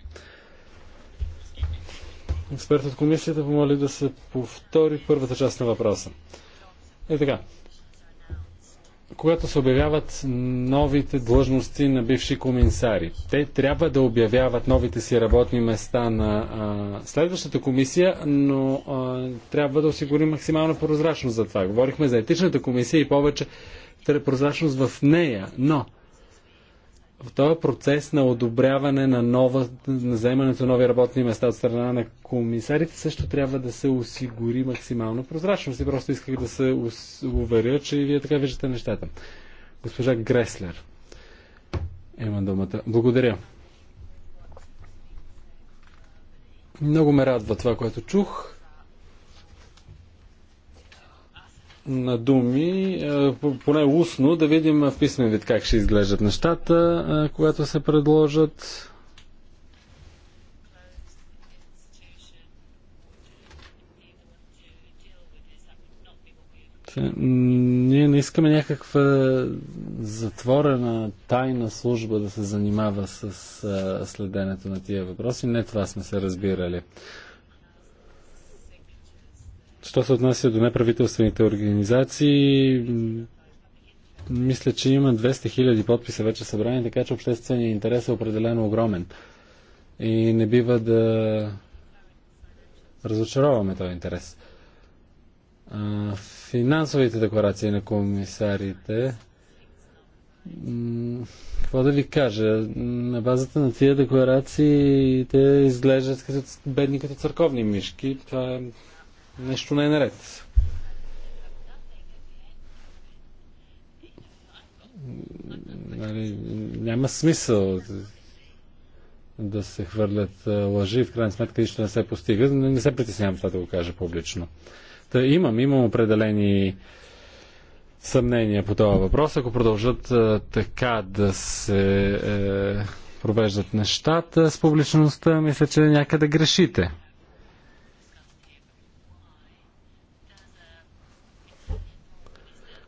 Експерт от комисията помоли да се повтори първата част на въпроса. Е така. Когато се обявяват новите длъжности на бивши комисари, те трябва да обявяват новите си работни места на а, следващата комисия, но а, трябва да осигурим максимална прозрачност за това. Говорихме за етичната комисия и повече прозрачност в нея, но в този процес на одобряване на, нова, на заемането на нови работни места от страна на комисарите също трябва да се осигури максимално прозрачност. И просто исках да се уверя, че и вие така виждате нещата. Госпожа Греслер има думата. Благодаря. Много ме радва това, което чух. на думи, поне устно, да видим в писмен вид как ще изглеждат нещата, когато се предложат. Ние не искаме някаква затворена тайна служба да се занимава с следенето на тия въпроси. Не това сме се разбирали. Що се отнася до неправителствените организации, мисля, че има 200 000 подписа вече събрани, така че общественият интерес е определено огромен. И не бива да разочароваме този интерес. Финансовите декларации на комисарите. Какво да ви кажа? На базата на тия декларации те изглеждат като бедни като църковни мишки. Това е Нещо не е наред. Нали, няма смисъл да се хвърлят лъжи, в крайна сметка нищо не се постига. Не, не се притеснявам това да го кажа публично. Та имам, имам определени съмнения по това въпрос. Ако продължат а, така да се е, провеждат нещата с публичността, мисля, че някъде грешите.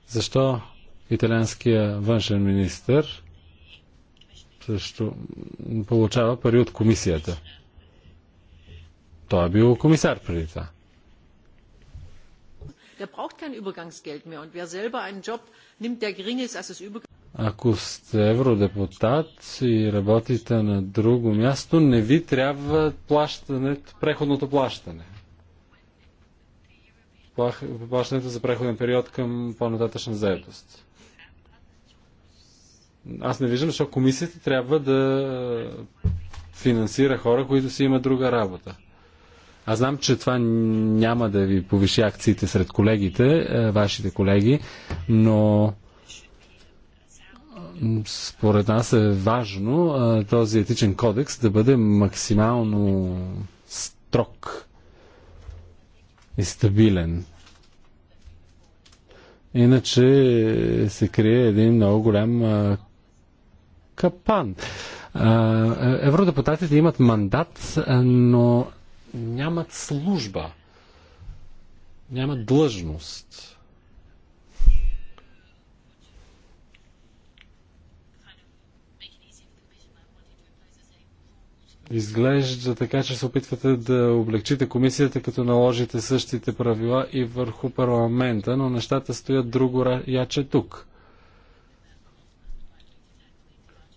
Защо италианския външен министр също получава пари от комисията? Той е бил комисар преди това. Ако сте евродепутат и работите на друго място, не ви трябва плащането, преходното плащане плащането за преходен период към по-нататъчна заедост. Аз не виждам, защото комисията трябва да финансира хора, които си имат друга работа. Аз знам, че това няма да ви повиши акциите сред колегите, вашите колеги, но според нас е важно този етичен кодекс да бъде максимално строг и стабилен. Иначе се крие един много голям а, капан. А, евродепутатите имат мандат, но нямат служба, нямат длъжност. Изглежда така, че се опитвате да облегчите комисията, като наложите същите правила и върху парламента, но нещата стоят друго яче тук.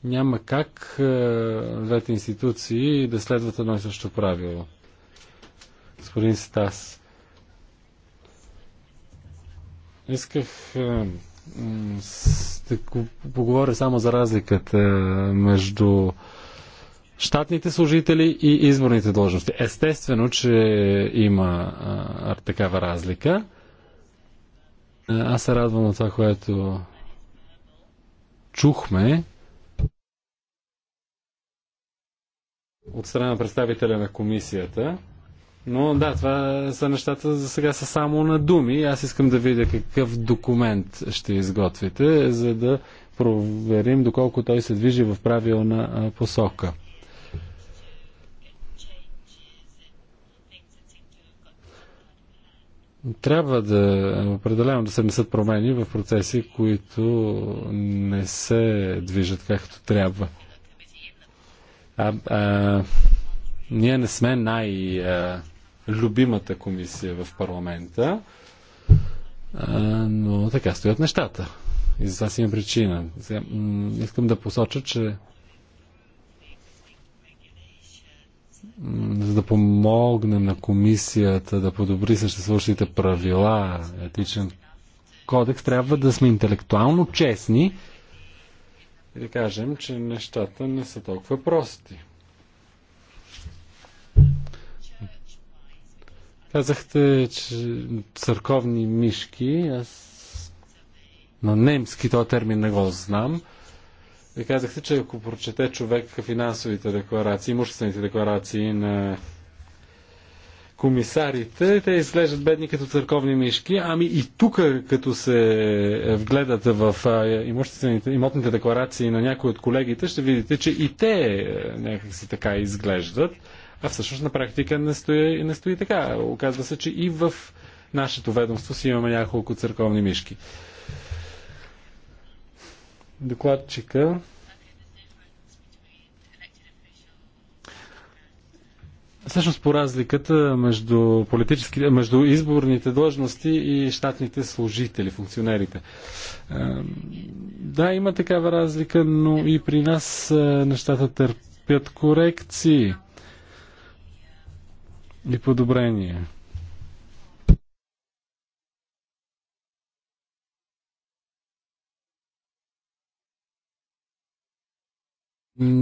Няма как е, двете институции да следват едно и също правило. Господин Стас. Исках е, да поговоря само за разликата е, между щатните служители и изборните должности. Естествено, че има а, такава разлика. Аз се радвам на това, което чухме от страна на представителя на комисията. Но да, това са нещата за сега са само на думи. Аз искам да видя какъв документ ще изготвите, за да проверим доколко той се движи в правилна посока. Трябва да определено да се внесат промени в процеси, които не се движат както трябва. А, а, ние не сме най-любимата комисия в парламента, а, но така стоят нещата. И за това си има причина. Сега, искам да посоча, че за да помогнем на комисията да подобри съществуващите правила, етичен кодекс, трябва да сме интелектуално честни и да кажем, че нещата не са толкова прости. Казахте, че църковни мишки, аз на немски този термин не го знам – ви казахте, че ако прочете човек финансовите декларации, имуществените декларации на комисарите, те изглеждат бедни като църковни мишки. Ами и тук, като се вгледат в имотните декларации на някои от колегите, ще видите, че и те е, някакси така изглеждат. А всъщност на практика не стои, не стои така. Оказва се, че и в нашето ведомство си имаме няколко църковни мишки докладчика Всъщност по разликата между, политически, между изборните длъжности и щатните служители, функционерите. Е, да, има такава разлика, но и при нас е, нещата търпят корекции и подобрения.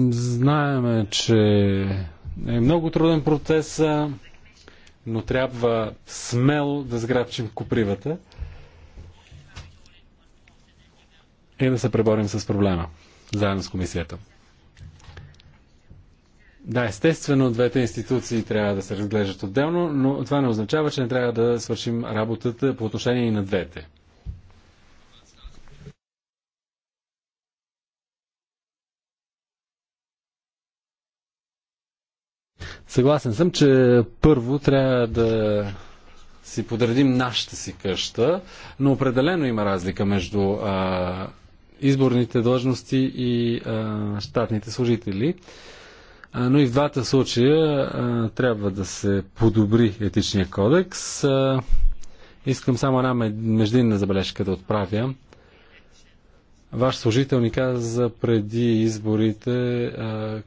Знаеме, че е много труден процес, но трябва смело да сграбчим купривата и да се преборим с проблема, заедно с комисията. Да, естествено, двете институции трябва да се разглеждат отделно, но това не означава, че не трябва да свършим работата по отношение и на двете. Съгласен съм, че първо трябва да си подредим нашата си къща, но определено има разлика между а, изборните длъжности и а, щатните служители. А, но и в двата случая а, трябва да се подобри етичния кодекс. А, искам само една междинна забележка да отправя. Ваш служител ни каза преди изборите а,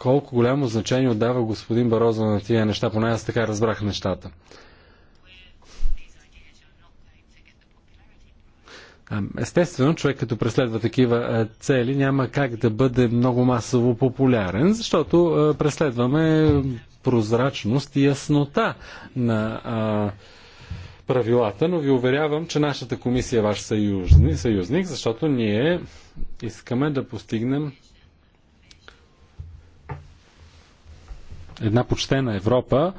колко голямо значение отдава господин Барозо на тия неща, поне аз така разбрах нещата. Естествено, човек като преследва такива цели няма как да бъде много масово популярен, защото преследваме прозрачност и яснота на правилата, но ви уверявам, че нашата комисия е ваш съюзник, защото ние искаме да постигнем една почтена Европа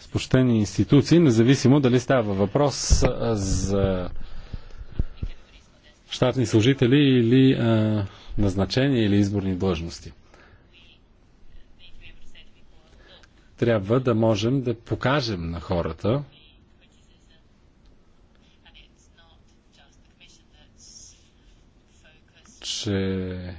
с почтени институции, независимо дали става въпрос за щатни служители или назначения, или изборни длъжности. Трябва да можем да покажем на хората, че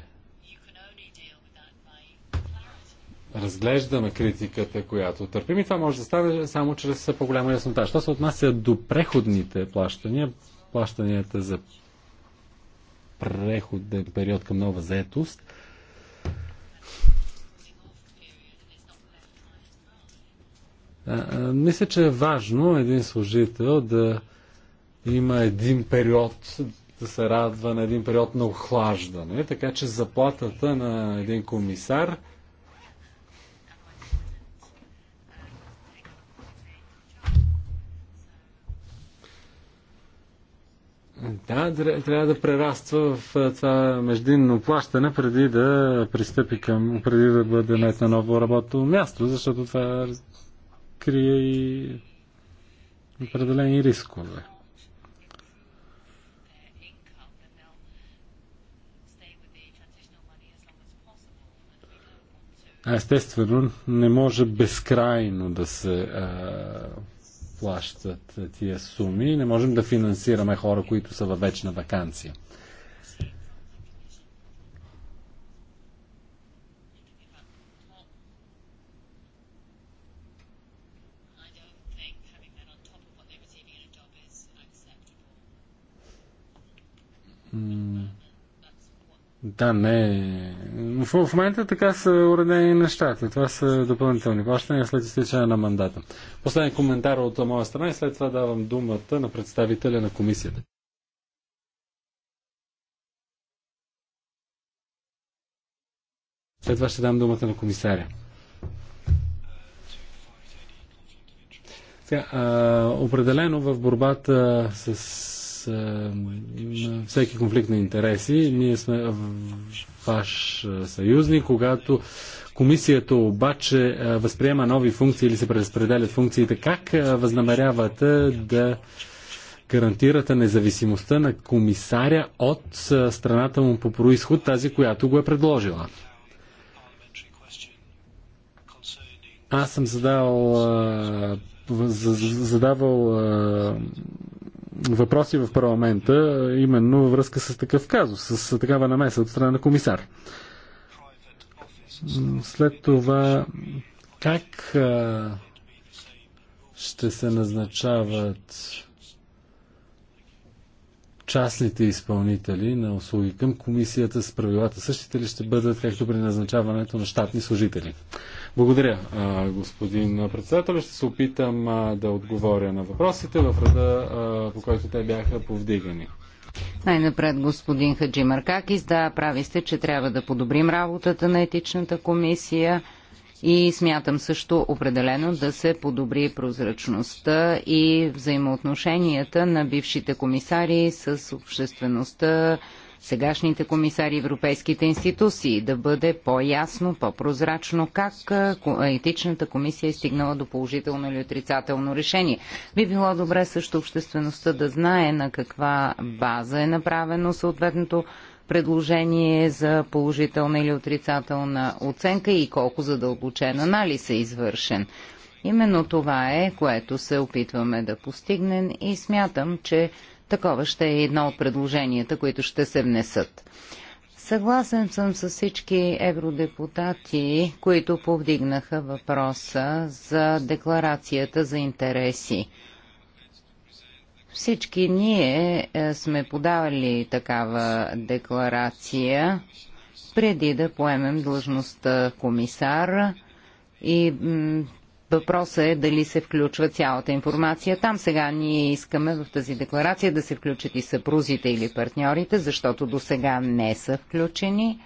разглеждаме критиката, която търпим и това може да стане само чрез по-голяма яснота. Що се отнася до преходните плащания, плащанията за преходен период към нова заетост, мисля, че е важно един служител да има един период, да се радва на един период на охлаждане, така че заплатата на един комисар – Да, трябва да прераства в това междинно плащане преди да пристъпи към, преди да бъде нет на ново работно място, защото това крие и определени рискове. Естествено, не може безкрайно да се а, плащат тия суми. Не можем да финансираме хора, които са във вечна вакансия. Mm. Да, не. В, в момента така са уредени нещата. Това са допълнителни плащания след изтичане на мандата. Последен коментар от моя страна и след това давам думата на представителя на комисията. След това ще дам думата на комисаря. Сега, а, определено в борбата с е, всеки конфликт на интереси. Ние сме ваш е, съюзник, когато комисията обаче е, възприема нови функции или се преразпределят функциите. Как възнамерявате да гарантирате независимостта на комисаря от страната му по происход, тази, която го е предложила? Аз съм задал задавал въпроси в парламента, именно във връзка с такъв казус, с такава намеса от страна на комисар. След това, как ще се назначават частните изпълнители на услуги към комисията с правилата същите ли ще бъдат, както при назначаването на щатни служители? Благодаря, господин председател. Ще се опитам да отговоря на въпросите в ръда, по който те бяха повдигани. Най-напред, господин Хаджи Маркакис, да, прави сте, че трябва да подобрим работата на етичната комисия и смятам също определено да се подобри прозрачността и взаимоотношенията на бившите комисари с обществеността, сегашните комисари европейските институции, да бъде по-ясно, по-прозрачно как етичната комисия е стигнала до положително или отрицателно решение. Би било добре също обществеността да знае на каква база е направено съответното предложение за положителна или отрицателна оценка и колко задълбочен анализ е извършен. Именно това е, което се опитваме да постигнем и смятам, че такова ще е едно от предложенията, които ще се внесат. Съгласен съм с всички евродепутати, които повдигнаха въпроса за декларацията за интереси. Всички ние е, сме подавали такава декларация преди да поемем длъжността комисар и въпросът е дали се включва цялата информация. Там сега ние искаме в тази декларация да се включат и съпрузите или партньорите, защото до сега не са включени.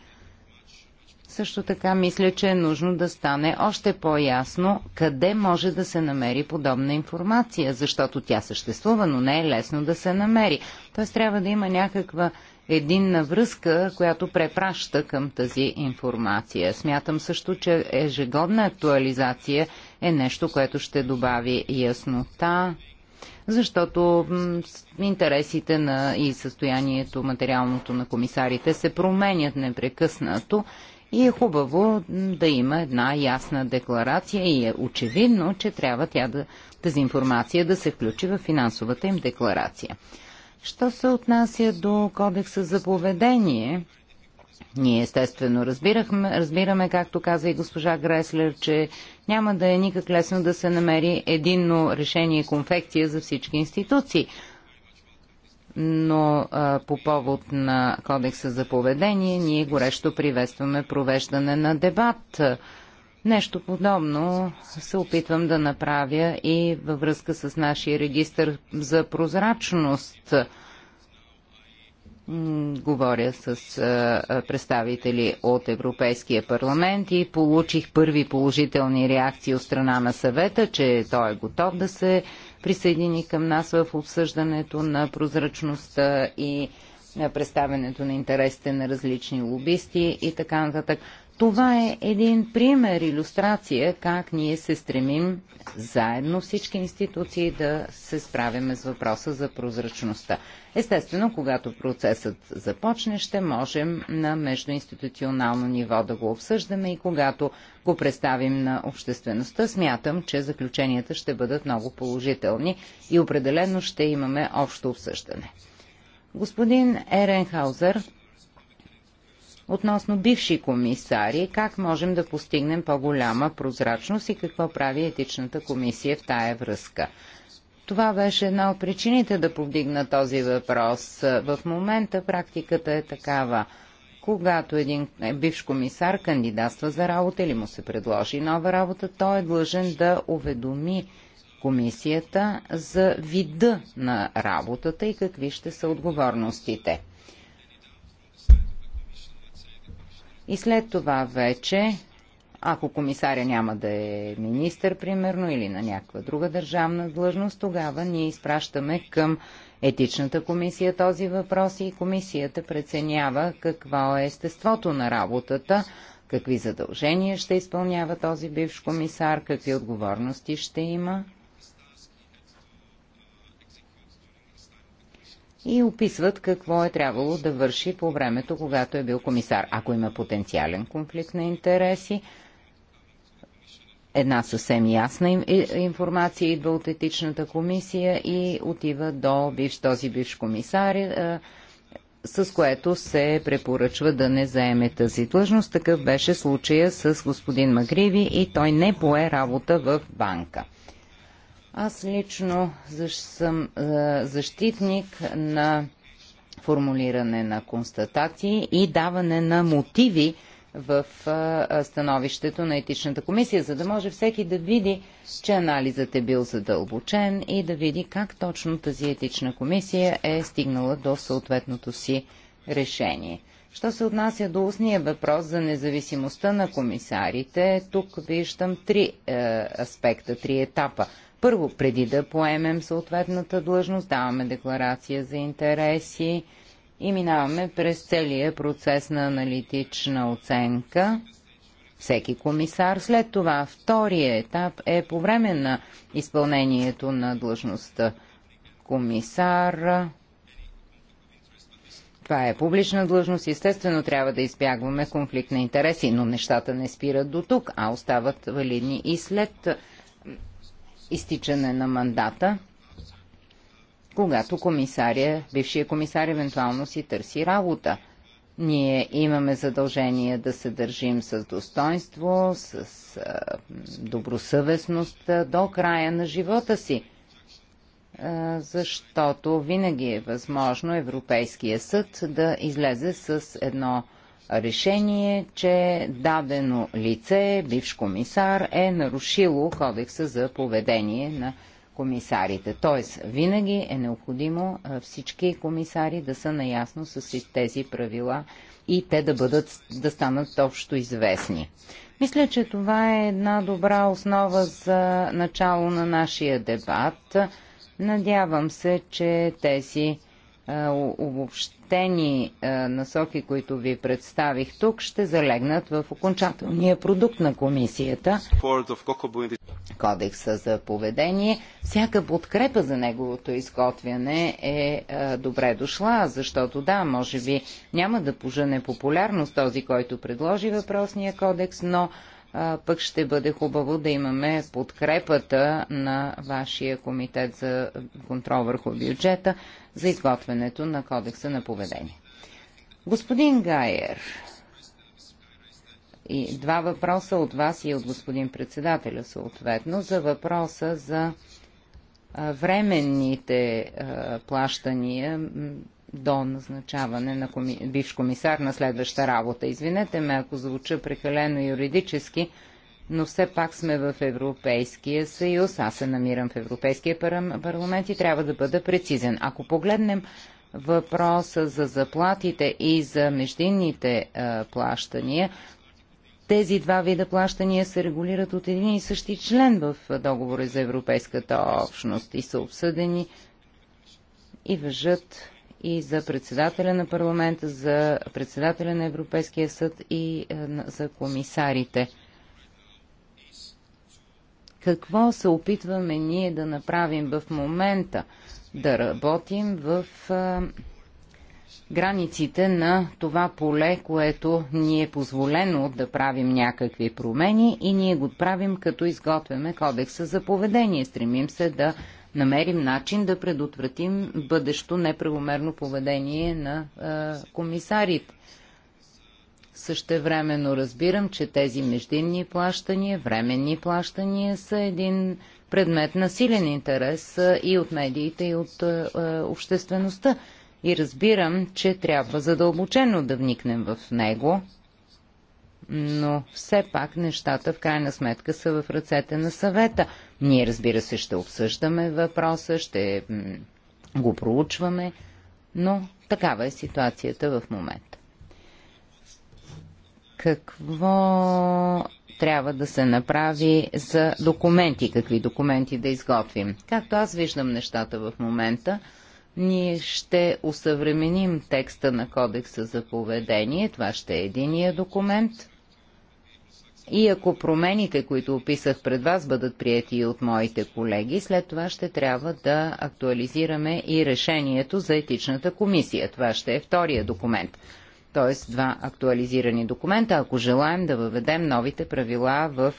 Също така мисля, че е нужно да стане още по-ясно къде може да се намери подобна информация, защото тя съществува, но не е лесно да се намери. Т.е. трябва да има някаква единна връзка, която препраща към тази информация. Смятам също, че ежегодна актуализация е нещо, което ще добави яснота, защото интересите на и състоянието материалното на комисарите се променят непрекъснато и е хубаво да има една ясна декларация и е очевидно, че трябва тя да, тази информация да се включи в финансовата им декларация. Що се отнася до кодекса за поведение, ние естествено разбирахме, разбираме, както каза и госпожа Греслер, че няма да е никак лесно да се намери единно решение и конфекция за всички институции – но а, по повод на кодекса за поведение ние горещо приветстваме провеждане на дебат. Нещо подобно се опитвам да направя и във връзка с нашия регистр за прозрачност. Говоря с а, представители от Европейския парламент и получих първи положителни реакции от страна на съвета, че той е готов да се присъедини към нас в обсъждането на прозрачността и представянето на интересите на различни лобисти и така нататък. Това е един пример, иллюстрация как ние се стремим заедно всички институции да се справяме с въпроса за прозрачността. Естествено, когато процесът започне, ще можем на междуинституционално ниво да го обсъждаме и когато го представим на обществеността, смятам, че заключенията ще бъдат много положителни и определено ще имаме общо обсъждане. Господин Еренхаузер относно бивши комисари, как можем да постигнем по-голяма прозрачност и какво прави етичната комисия в тая връзка. Това беше една от причините да повдигна този въпрос. В момента практиката е такава. Когато един бивш комисар кандидатства за работа или му се предложи нова работа, той е длъжен да уведоми комисията за вида на работата и какви ще са отговорностите. И след това вече, ако комисаря няма да е министър, примерно, или на някаква друга държавна длъжност, тогава ние изпращаме към етичната комисия този въпрос и комисията преценява какво е естеството на работата, какви задължения ще изпълнява този бивш комисар, какви отговорности ще има и описват какво е трябвало да върши по времето, когато е бил комисар. Ако има потенциален конфликт на интереси, една съвсем ясна информация идва от етичната комисия и отива до бивш, този бивш комисар, е, с което се препоръчва да не заеме тази длъжност. Такъв беше случая с господин Магриви и той не пое работа в банка. Аз лично съм е, защитник на формулиране на констатации и даване на мотиви в е, е, становището на етичната комисия, за да може всеки да види, че анализът е бил задълбочен и да види как точно тази етична комисия е стигнала до съответното си решение. Що се отнася до устния въпрос за независимостта на комисарите, тук виждам три аспекта, три етапа. Първо, преди да поемем съответната длъжност, даваме декларация за интереси и минаваме през целия процес на аналитична оценка. Всеки комисар. След това втория етап е по време на изпълнението на длъжността комисар. Това е публична длъжност. Естествено трябва да избягваме конфликт на интереси, но нещата не спират до тук, а остават валидни и след изтичане на мандата, когато комисария, бившия комисар евентуално си търси работа. Ние имаме задължение да се държим с достоинство, с добросъвестност до края на живота си защото винаги е възможно Европейския съд да излезе с едно решение, че дадено лице, бивш комисар, е нарушило кодекса за поведение на комисарите. Т.е. винаги е необходимо всички комисари да са наясно с тези правила и те да, бъдат, да станат общо известни. Мисля, че това е една добра основа за начало на нашия дебат. Надявам се, че тези е, обобщени е, насоки, които ви представих тук, ще залегнат в окончателния продукт на комисията. Кодекса за поведение. Всяка подкрепа за неговото изготвяне е, е добре дошла, защото да, може би няма да пожене популярност този, който предложи въпросния кодекс, но пък ще бъде хубаво да имаме подкрепата на вашия комитет за контрол върху бюджета, за изготвянето на кодекса на поведение. Господин Гайер, и два въпроса от вас и от господин председателя съответно за въпроса за временните плащания до назначаване на бивш комисар на следваща работа. Извинете ме, ако звуча прекалено юридически, но все пак сме в Европейския съюз. Аз се намирам в Европейския парламент и трябва да бъда прецизен. Ако погледнем въпроса за заплатите и за междинните а, плащания, тези два вида плащания се регулират от един и същи член в договора за Европейската общност и са обсъдени и въжат и за председателя на парламента, за председателя на Европейския съд и за комисарите. Какво се опитваме ние да направим в момента? Да работим в а, границите на това поле, което ни е позволено да правим някакви промени и ние го правим като изготвяме кодекса за поведение. Стремим се да намерим начин да предотвратим бъдещо неправомерно поведение на а, комисарите. Същевременно разбирам, че тези междинни плащания, временни плащания са един предмет на силен интерес и от медиите, и от обществеността. И разбирам, че трябва задълбочено да вникнем в него, но все пак нещата в крайна сметка са в ръцете на съвета. Ние, разбира се, ще обсъждаме въпроса, ще го проучваме, но такава е ситуацията в момента какво трябва да се направи за документи, какви документи да изготвим. Както аз виждам нещата в момента, ние ще усъвременим текста на кодекса за поведение. Това ще е единия документ. И ако промените, които описах пред вас, бъдат прияти и от моите колеги, след това ще трябва да актуализираме и решението за етичната комисия. Това ще е втория документ т.е. два актуализирани документа, ако желаем да въведем новите правила в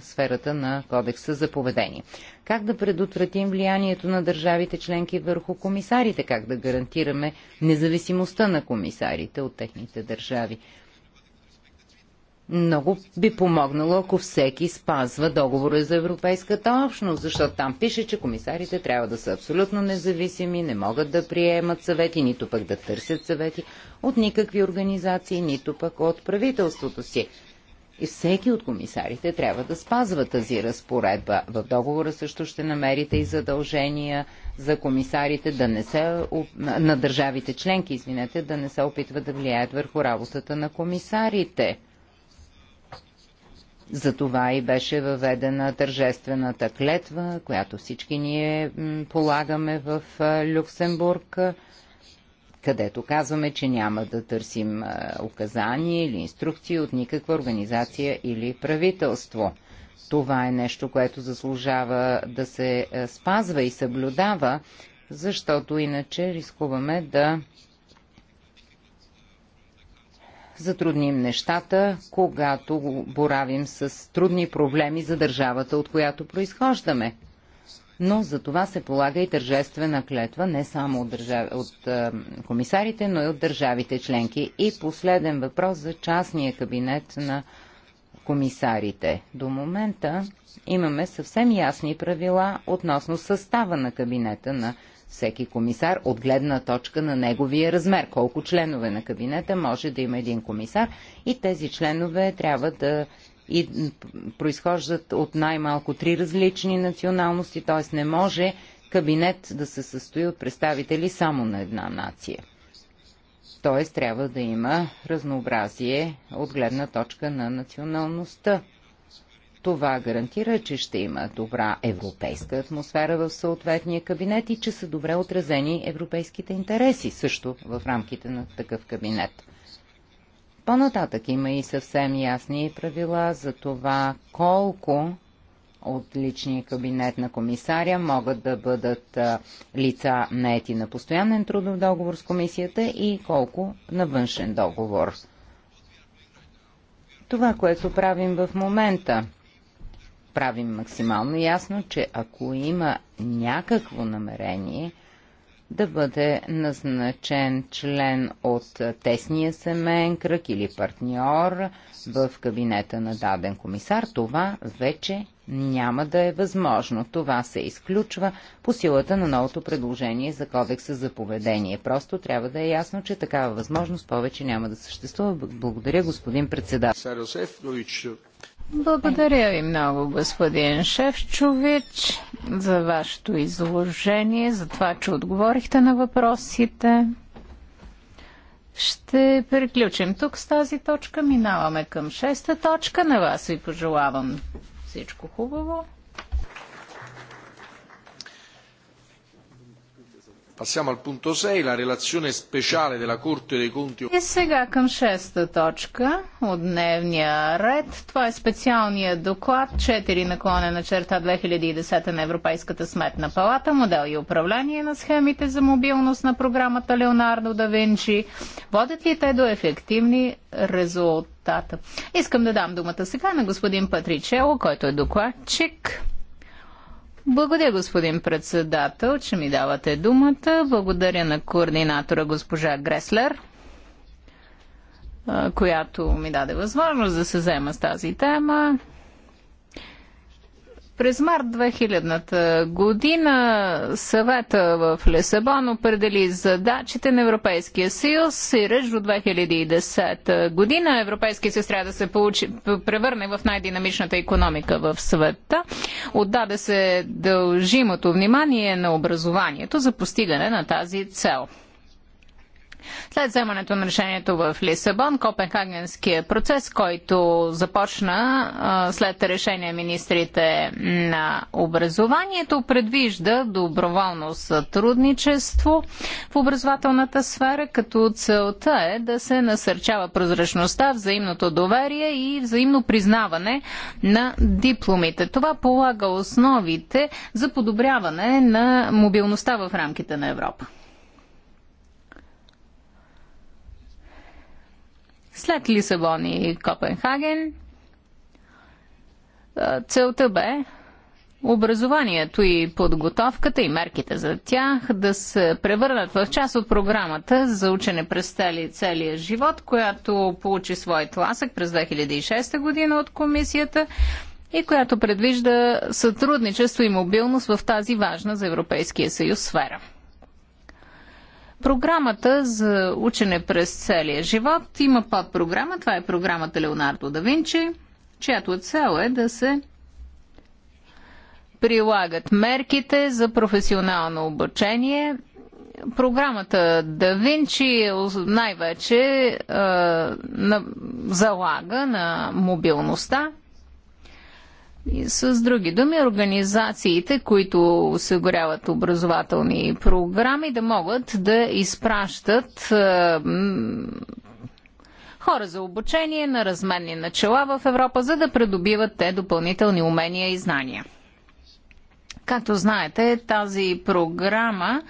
сферата на кодекса за поведение. Как да предотвратим влиянието на държавите членки върху комисарите? Как да гарантираме независимостта на комисарите от техните държави? Много би помогнало, ако всеки спазва договора за Европейската общност, защото там пише, че комисарите трябва да са абсолютно независими, не могат да приемат съвети, нито пък да търсят съвети от никакви организации, нито пък от правителството си. И всеки от комисарите трябва да спазва тази разпоредба. В договора също ще намерите и задължения за комисарите да не се, на държавите членки, извинете, да не се опитват да влияят върху работата на комисарите. Затова и беше въведена тържествената клетва, която всички ние полагаме в Люксембург, където казваме, че няма да търсим указания или инструкции от никаква организация или правителство. Това е нещо, което заслужава да се спазва и съблюдава, защото иначе рискуваме да затрудним нещата, когато боравим с трудни проблеми за държавата, от която произхождаме. Но за това се полага и тържествена клетва не само от, държав... от е, комисарите, но и от държавите членки. И последен въпрос за частния кабинет на комисарите. До момента имаме съвсем ясни правила относно състава на кабинета на всеки комисар от гледна точка на неговия размер. Колко членове на кабинета може да има един комисар и тези членове трябва да и произхождат от най-малко три различни националности, т.е. не може кабинет да се състои от представители само на една нация. Т.е. трябва да има разнообразие от гледна точка на националността това гарантира, че ще има добра европейска атмосфера в съответния кабинет и че са добре отразени европейските интереси също в рамките на такъв кабинет. По-нататък има и съвсем ясни правила за това колко от личния кабинет на комисаря могат да бъдат лица наети на постоянен трудов договор с комисията и колко на външен договор. Това, което правим в момента, правим максимално ясно, че ако има някакво намерение да бъде назначен член от тесния семейен кръг или партньор в кабинета на даден комисар, това вече няма да е възможно. Това се изключва по силата на новото предложение за кодекса за поведение. Просто трябва да е ясно, че такава възможност повече няма да съществува. Благодаря, господин председател. Благодаря ви много, господин Шефчович, за вашето изложение, за това, че отговорихте на въпросите. Ще приключим тук с тази точка. Минаваме към шеста точка. На вас ви пожелавам всичко хубаво. Passiamo al punto 6, la relazione speciale della Corte dei Conti. И сега към шеста точка от дневния ред. Това е специалния доклад 4 наклоне на черта 2010 на Европейската сметна палата, модел и управление на схемите за мобилност на програмата Леонардо да Винчи. Водят ли те до ефективни резултата? Искам да дам думата сега на господин Патричело, който е докладчик. Благодаря, господин председател, че ми давате думата. Благодаря на координатора госпожа Греслер, която ми даде възможност да се взема с тази тема. През март 2000 година съвета в Лисабон определи задачите на Европейския съюз и реч до 2010 година Европейския съюз трябва да се получи, превърне в най-динамичната економика в света. Отдаде се дължимото внимание на образованието за постигане на тази цел. След вземането на решението в Лисабон, Копенхагенския процес, който започна след решение министрите на образованието, предвижда доброволно сътрудничество в образователната сфера, като целта е да се насърчава прозрачността, взаимното доверие и взаимно признаване на дипломите. Това полага основите за подобряване на мобилността в рамките на Европа. след Лисабон и Копенхаген, целта бе образованието и подготовката и мерките за тях да се превърнат в част от програмата за учене през цели, целия живот, която получи свой тласък през 2006 година от комисията и която предвижда сътрудничество и мобилност в тази важна за Европейския съюз сфера. Програмата за учене през целия живот има подпрограма. Това е програмата Леонардо да Винчи, чиято цел е да се прилагат мерките за професионално обучение. Програмата Да Винчи е най-вече е, на, залага на мобилността и с други думи, организациите, които осигуряват образователни програми, да могат да изпращат е, хора за обучение на разменни начала в Европа, за да придобиват те допълнителни умения и знания. Както знаете, тази програма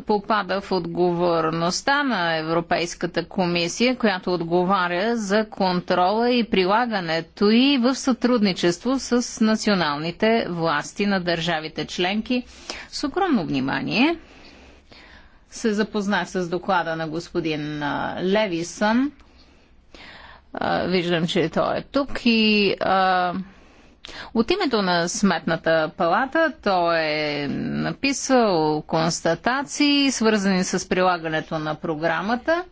попада в отговорността на Европейската комисия, която отговаря за контрола и прилагането и в сътрудничество с националните власти на държавите членки. С огромно внимание се запознах с доклада на господин Левисън. Виждам, че той е тук и от името на Сметната палата той е написал констатации, свързани с прилагането на програмата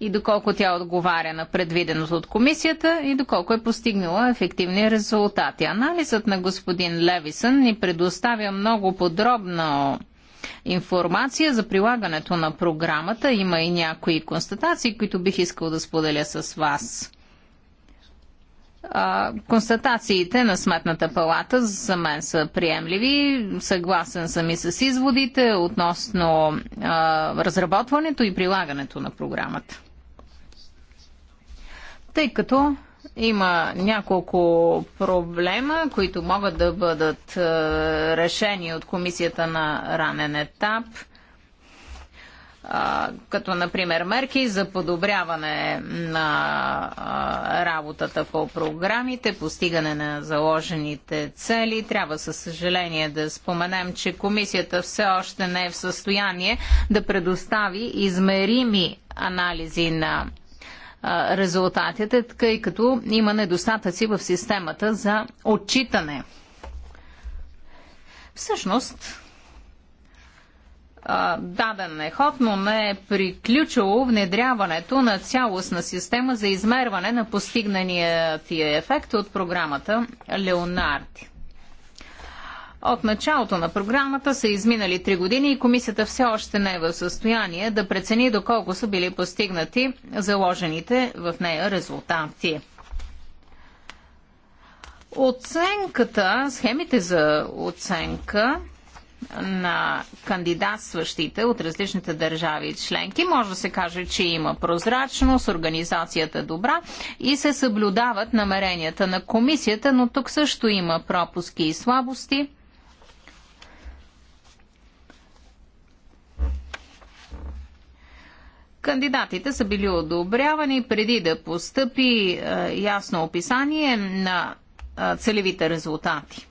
и доколко тя отговаря на предвиденост от комисията и доколко е постигнала ефективни резултати. Анализът на господин Левисън ни предоставя много подробно информация за прилагането на програмата. Има и някои констатации, които бих искал да споделя с вас констатациите на Сметната палата за мен са приемливи. Съгласен съм и с изводите относно а, разработването и прилагането на програмата. Тъй като има няколко проблема, които могат да бъдат решени от комисията на ранен етап – като например мерки за подобряване на работата по програмите, постигане на заложените цели. Трябва със съжаление да споменем, че комисията все още не е в състояние да предостави измерими анализи на резултатите, тъй като има недостатъци в системата за отчитане. Всъщност, даден е ход, но не е приключило внедряването на цялостна система за измерване на постигнания тия ефект от програмата Леонарди. От началото на програмата са изминали три години и комисията все още не е в състояние да прецени доколко са били постигнати заложените в нея резултати. Оценката, схемите за оценка на кандидатстващите от различните държави членки. Може да се каже, че има прозрачност, организацията е добра и се съблюдават намеренията на комисията, но тук също има пропуски и слабости. Кандидатите са били одобрявани преди да постъпи е, ясно описание на е, целевите резултати.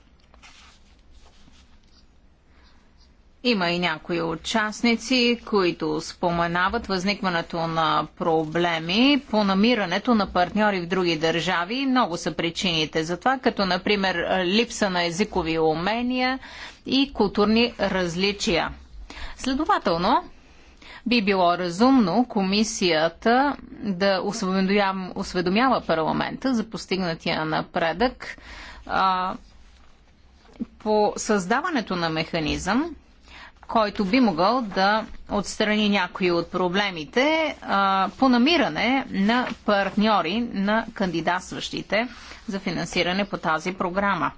Има и някои участници, които споменават възникването на проблеми по намирането на партньори в други държави. Много са причините за това, като например липса на езикови умения и културни различия. Следователно, би било разумно комисията да осведомява парламента за постигнатия напредък а, по създаването на механизъм, който би могъл да отстрани някои от проблемите а, по намиране на партньори на кандидатстващите за финансиране по тази програма.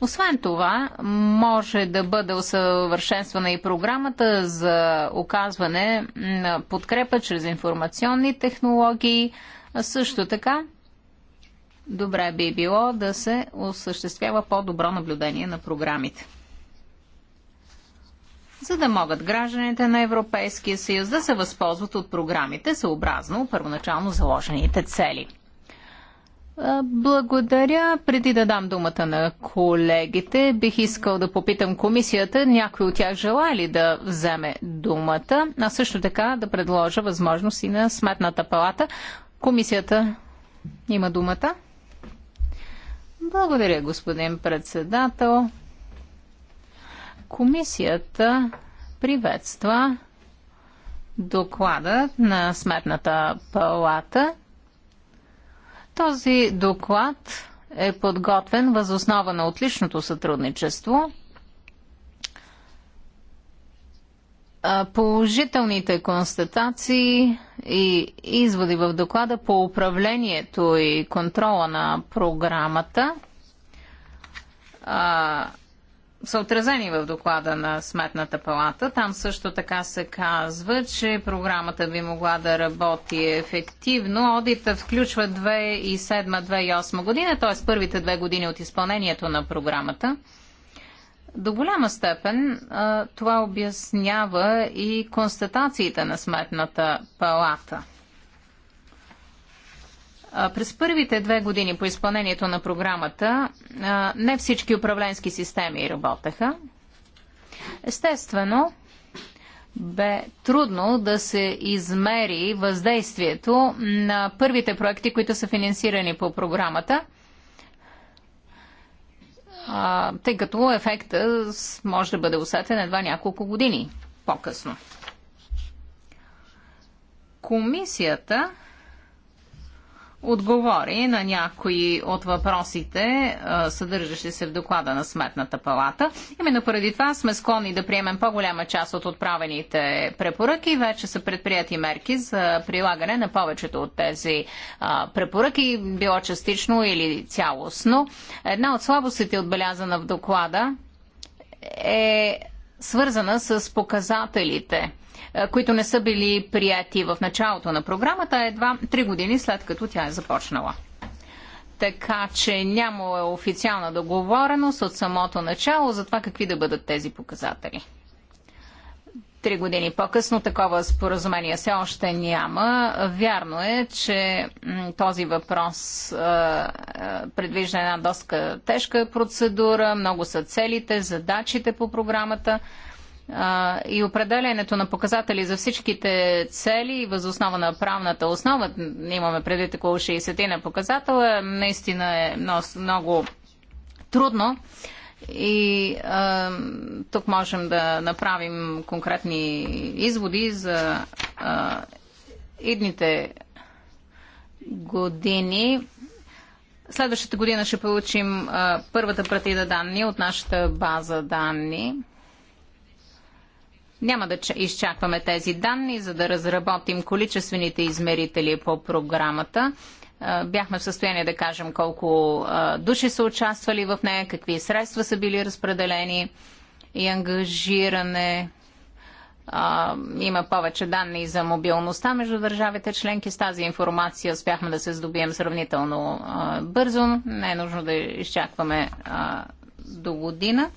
Освен това, може да бъде усъвършенствана и програмата за оказване на подкрепа чрез информационни технологии. А също така, добре би било да се осъществява по-добро наблюдение на програмите за да могат гражданите на Европейския съюз да се възползват от програмите съобразно първоначално заложените цели. Благодаря. Преди да дам думата на колегите, бих искал да попитам комисията, някой от тях желая ли да вземе думата, а също така да предложа възможност и на Сметната палата. Комисията има думата. Благодаря, господин председател. Комисията приветства доклада на Сметната палата. Този доклад е подготвен възоснова на отличното сътрудничество. Положителните констатации и изводи в доклада по управлението и контрола на програмата – са отразени в доклада на Сметната палата. Там също така се казва, че програмата би могла да работи ефективно. Одита включва 2007-2008 година, т.е. първите две години от изпълнението на програмата. До голяма степен това обяснява и констатациите на Сметната палата – през първите две години по изпълнението на програмата не всички управленски системи работеха. Естествено, бе трудно да се измери въздействието на първите проекти, които са финансирани по програмата, тъй като ефекта може да бъде усетен едва няколко години по-късно. Комисията отговори на някои от въпросите, съдържащи се в доклада на Сметната палата. Именно поради това сме склонни да приемем по-голяма част от отправените препоръки. Вече са предприяти мерки за прилагане на повечето от тези препоръки, било частично или цялостно. Една от слабостите, отбелязана в доклада, е свързана с показателите, които не са били прияти в началото на програмата, едва три години след като тя е започнала. Така че няма официална договореност от самото начало за това какви да бъдат тези показатели. Три години по-късно такова споразумение все още няма. Вярно е, че този въпрос предвижда една доста тежка процедура. Много са целите, задачите по програмата и определенето на показатели за всичките цели възоснова на правната основа, имаме предвид около 60 на показател, наистина е много трудно. И а, тук можем да направим конкретни изводи за едните години. Следващата година ще получим а, първата партида данни от нашата база данни. Няма да изчакваме тези данни, за да разработим количествените измерители по програмата бяхме в състояние да кажем колко души са участвали в нея, какви средства са били разпределени и ангажиране. Има повече данни за мобилността между държавите членки. С тази информация успяхме да се здобием сравнително бързо. Не е нужно да изчакваме до година.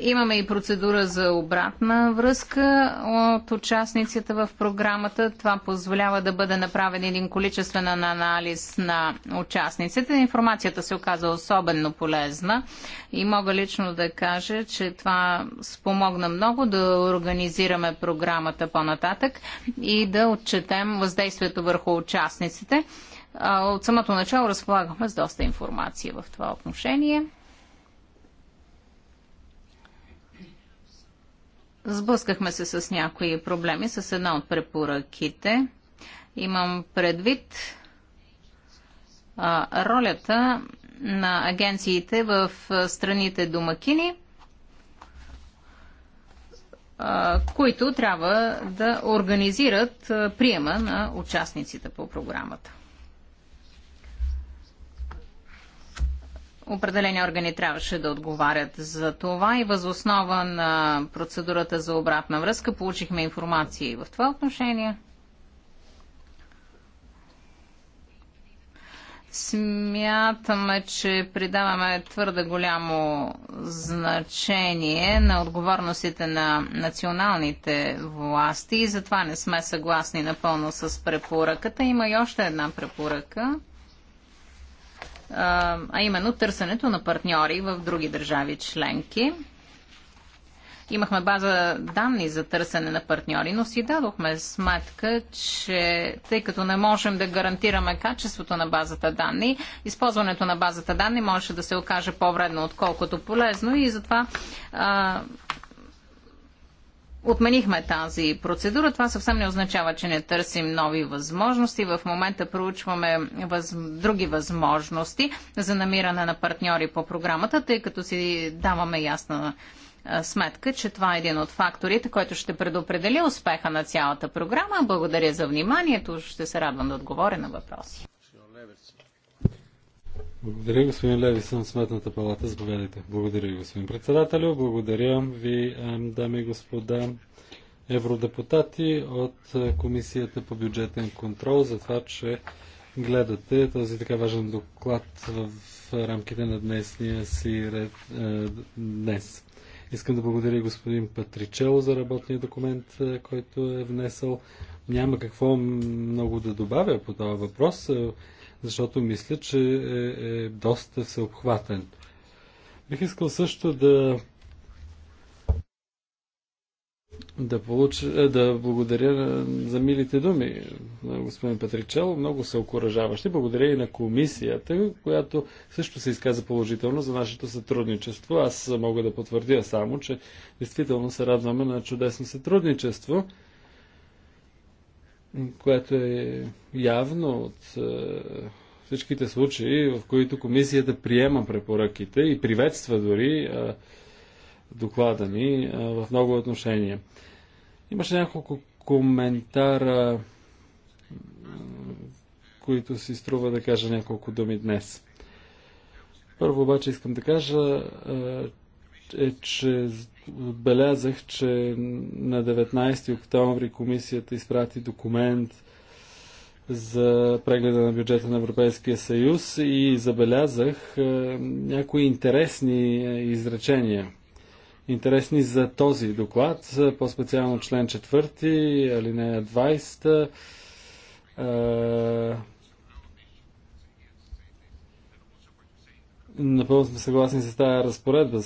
Имаме и процедура за обратна връзка от участниците в програмата. Това позволява да бъде направен един количествен анализ на участниците. Информацията се оказа особено полезна и мога лично да кажа, че това спомогна много да организираме програмата по-нататък и да отчетем въздействието върху участниците. От самото начало разполагахме с доста информация в това отношение. Сблъскахме се с някои проблеми, с една от препоръките. Имам предвид а, ролята на агенциите в страните домакини, а, които трябва да организират приема на участниците по програмата. определени органи трябваше да отговарят за това и възоснова на процедурата за обратна връзка получихме информация и в това отношение. Смятаме, че придаваме твърде голямо значение на отговорностите на националните власти и затова не сме съгласни напълно с препоръката. Има и още една препоръка – а именно търсенето на партньори в други държави членки. Имахме база данни за търсене на партньори, но си дадохме сметка, че тъй като не можем да гарантираме качеството на базата данни, използването на базата данни може да се окаже по-вредно, отколкото полезно и затова а, отменихме тази процедура. Това съвсем не означава, че не търсим нови възможности. В момента проучваме въз... други възможности за намиране на партньори по програмата, тъй като си даваме ясна сметка, че това е един от факторите, който ще предопредели успеха на цялата програма. Благодаря за вниманието. Ще се радвам да отговоря на въпроси. Благодаря, господин съм Сметната палата. Заповядайте. Благодаря, господин председателю. Благодаря ви, е, дами и господа евродепутати от е, Комисията по бюджетен контрол за това, че гледате този така важен доклад в рамките на днесния си ред е, днес. Искам да благодаря господин Патричело за работния документ, е, който е внесъл. Няма какво много да добавя по този въпрос защото мисля, че е, е доста всеобхватен. Бих искал също да да, получа, е, да благодаря за милите думи на господин Петричел. Много са окоръжаващи. Благодаря и на комисията, която също се изказа положително за нашето сътрудничество. Аз мога да потвърдя само, че действително се радваме на чудесно сътрудничество което е явно от е, всичките случаи, в които комисията приема препоръките и приветства дори е, доклада ни е, в много отношения. Имаше няколко коментара, които си струва да кажа няколко думи днес. Първо обаче искам да кажа, е, че Отбелязах, че на 19 октомври комисията изпрати документ за прегледа на бюджета на Европейския съюз и забелязах е, някои интересни е, изречения. Интересни за този доклад, е, по-специално член 4, алинея 20 напълно сме съгласни с тази разпоредба.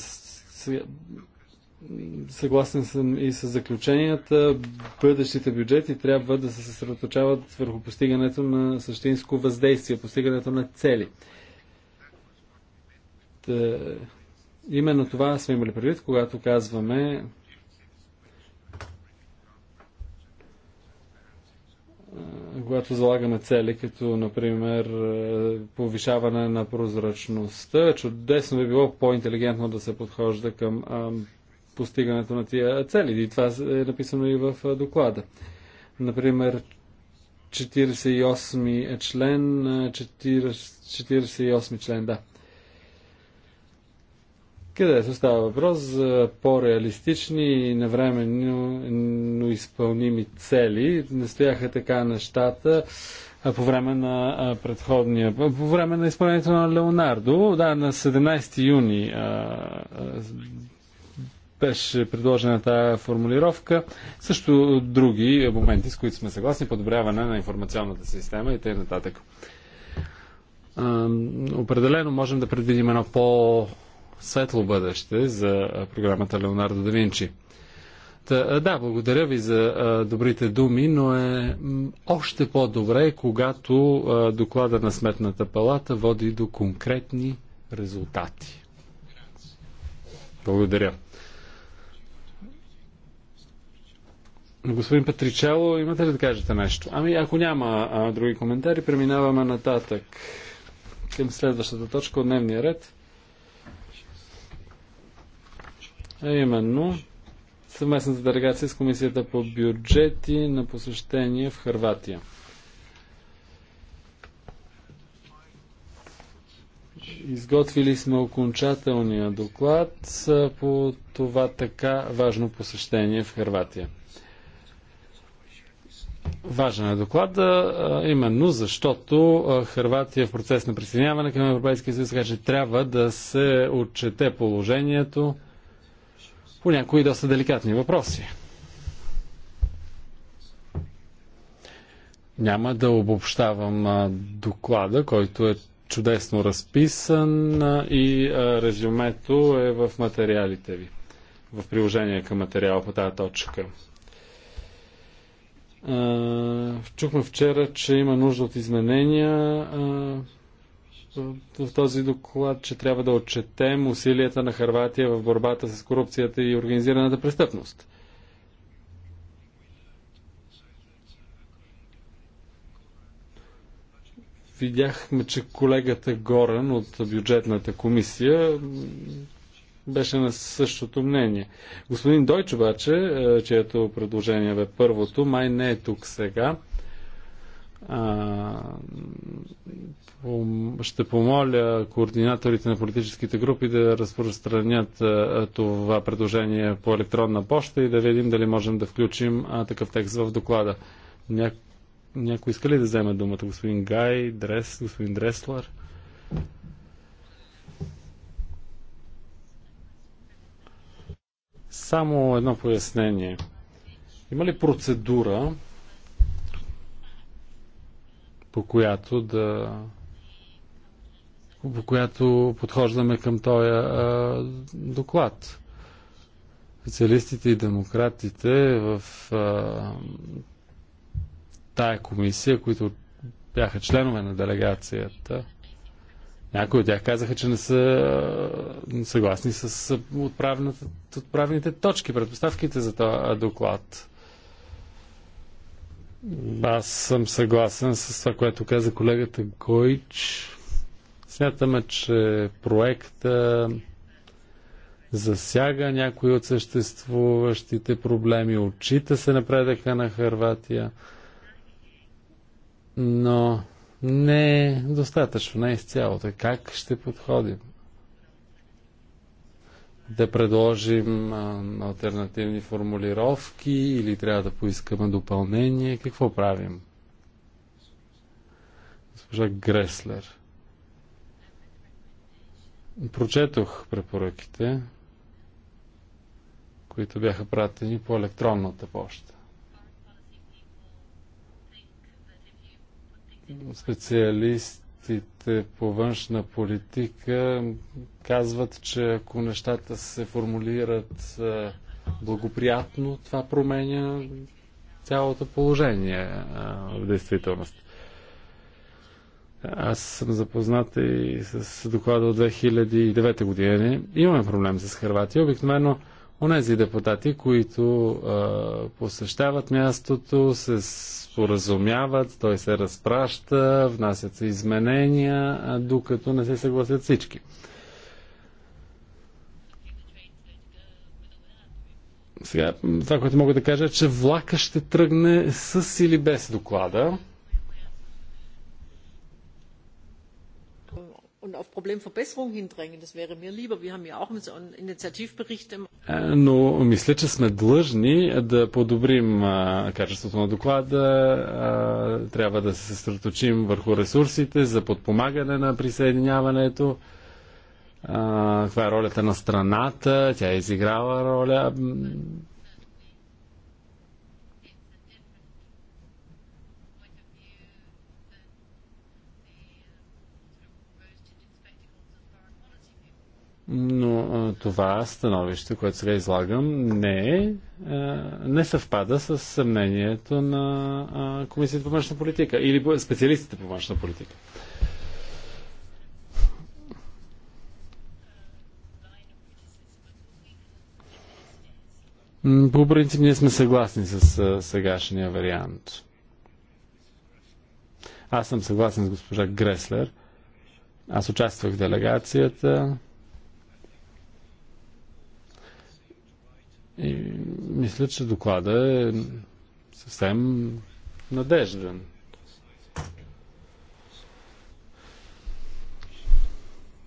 Съгласен съм и с заключенията. Бъдещите бюджети трябва да се съсредоточават върху постигането на същинско въздействие, постигането на цели. Та, именно това сме имали предвид, когато казваме когато залагаме цели, като например повишаване на прозрачността, чудесно би било по-интелигентно да се подхожда към постигането на тия цели. И това е написано и в доклада. Например, 48 член, 48 48 член, да Къде се става въпрос за по-реалистични и навременно но изпълними цели. Не стояха така нещата по време на предходния, по време на изпълнението на Леонардо, да, на 17 юни беше предложена тази формулировка. Също други моменти, с които сме съгласни, подобряване на информационната система и т.н. Определено можем да предвидим едно по-светло бъдеще за програмата Леонардо да Винчи. да, благодаря ви за добрите думи, но е още по-добре, когато доклада на Сметната палата води до конкретни резултати. Благодаря. Господин Петричало, имате ли да кажете нещо? Ами, ако няма а, други коментари, преминаваме нататък към следващата точка от дневния ред. А именно, съвместната делегация с Комисията по бюджети на посещение в Харватия. Изготвили сме окончателния доклад по това така важно посещение в Харватия. Важен е доклад, именно защото Харватия е в процес на присъединяване към Европейския съюз, така че трябва да се отчете положението по някои доста деликатни въпроси. Няма да обобщавам доклада, който е чудесно разписан и резюмето е в материалите ви, в приложение към материала по тази точка. Чухме вчера, че има нужда от изменения в този доклад, че трябва да отчетем усилията на Харватия в борбата с корупцията и организираната престъпност. Видяхме, че колегата Горен от бюджетната комисия беше на същото мнение. Господин Дойч обаче, е, чието предложение бе първото, май не е тук сега. А, ще помоля координаторите на политическите групи да разпространят е, това предложение по електронна почта и да видим дали можем да включим такъв текст в доклада. Ня... Някой иска ли да вземе думата? Господин Гай, Дрес, господин Дреслар? Само едно пояснение. Има ли процедура, по която да по която подхождаме към този а, доклад. Специалистите и демократите в а, тая комисия, които бяха членове на делегацията, някои от тях казаха, че не са съгласни с отправените точки, предпоставките за този доклад. Аз съм съгласен с това, което каза колегата Гойч. Смятаме, че проекта засяга някои от съществуващите проблеми, очите се напредеха на Харватия, но не е достатъчно, не е изцяло. Как ще подходим? Да предложим а, альтернативни формулировки или трябва да поискаме допълнение? Какво правим? Госпожа Греслер. Прочетох препоръките, които бяха пратени по електронната почта. специалистите по външна политика казват, че ако нещата се формулират благоприятно, това променя цялото положение в действителност. Аз съм запознат и с доклада от 2009 година. Имаме проблем с Харватия. Обикновено Онези депутати, които а, посещават мястото, се споразумяват, той се разпраща, внасят се изменения, а, докато не се съгласят всички. Сега, това, което мога да кажа е, че влака ще тръгне с или без доклада. Но мисля, че сме длъжни да подобрим е, качеството на доклада. Е, трябва да се съсредоточим върху ресурсите за подпомагане на присъединяването. Е, това е ролята на страната. Тя е изиграла роля. Но това становище, което сега излагам, не, е, не съвпада с съмнението на Комисията по външна политика или специалистите по външна политика. По принцип ние сме съгласни с сегашния вариант. Аз съм съгласен с госпожа Греслер. Аз участвах в делегацията. И мисля, че доклада е съвсем надежден.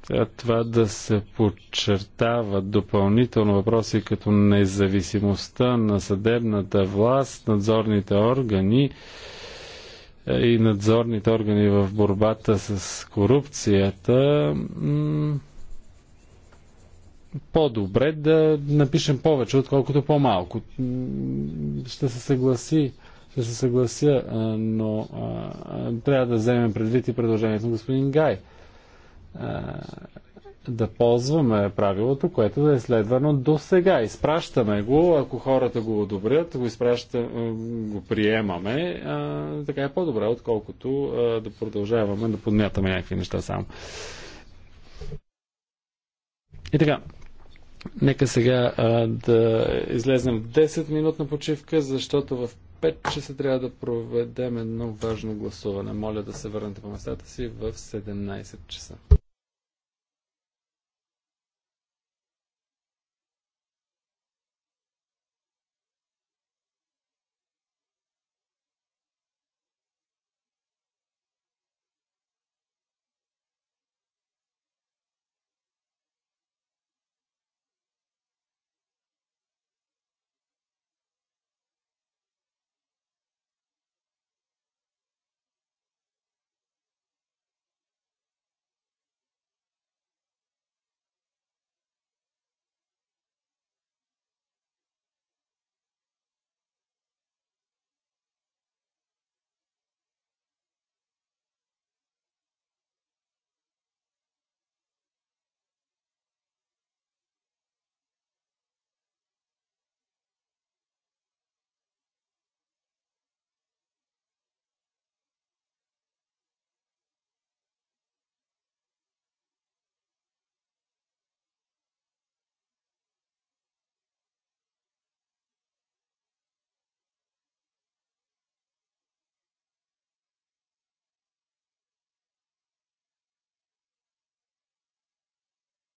Сега това да се подчертават допълнително въпроси като независимостта на съдебната власт, надзорните органи е, и надзорните органи в борбата с корупцията по-добре да напишем повече, отколкото по-малко. Ще се съгласи, ще се съглася, но а, трябва да вземем предвид и предложението на господин Гай. А, да ползваме правилото, което да е следвано до сега. Изпращаме го, ако хората го одобрят, го, го приемаме, а, така е по-добре, отколкото а, да продължаваме да подмятаме някакви неща само. И така, Нека сега а, да излезем в 10 минутна почивка, защото в 5 часа трябва да проведем едно важно гласуване. Моля да се върнете по местата си в 17 часа.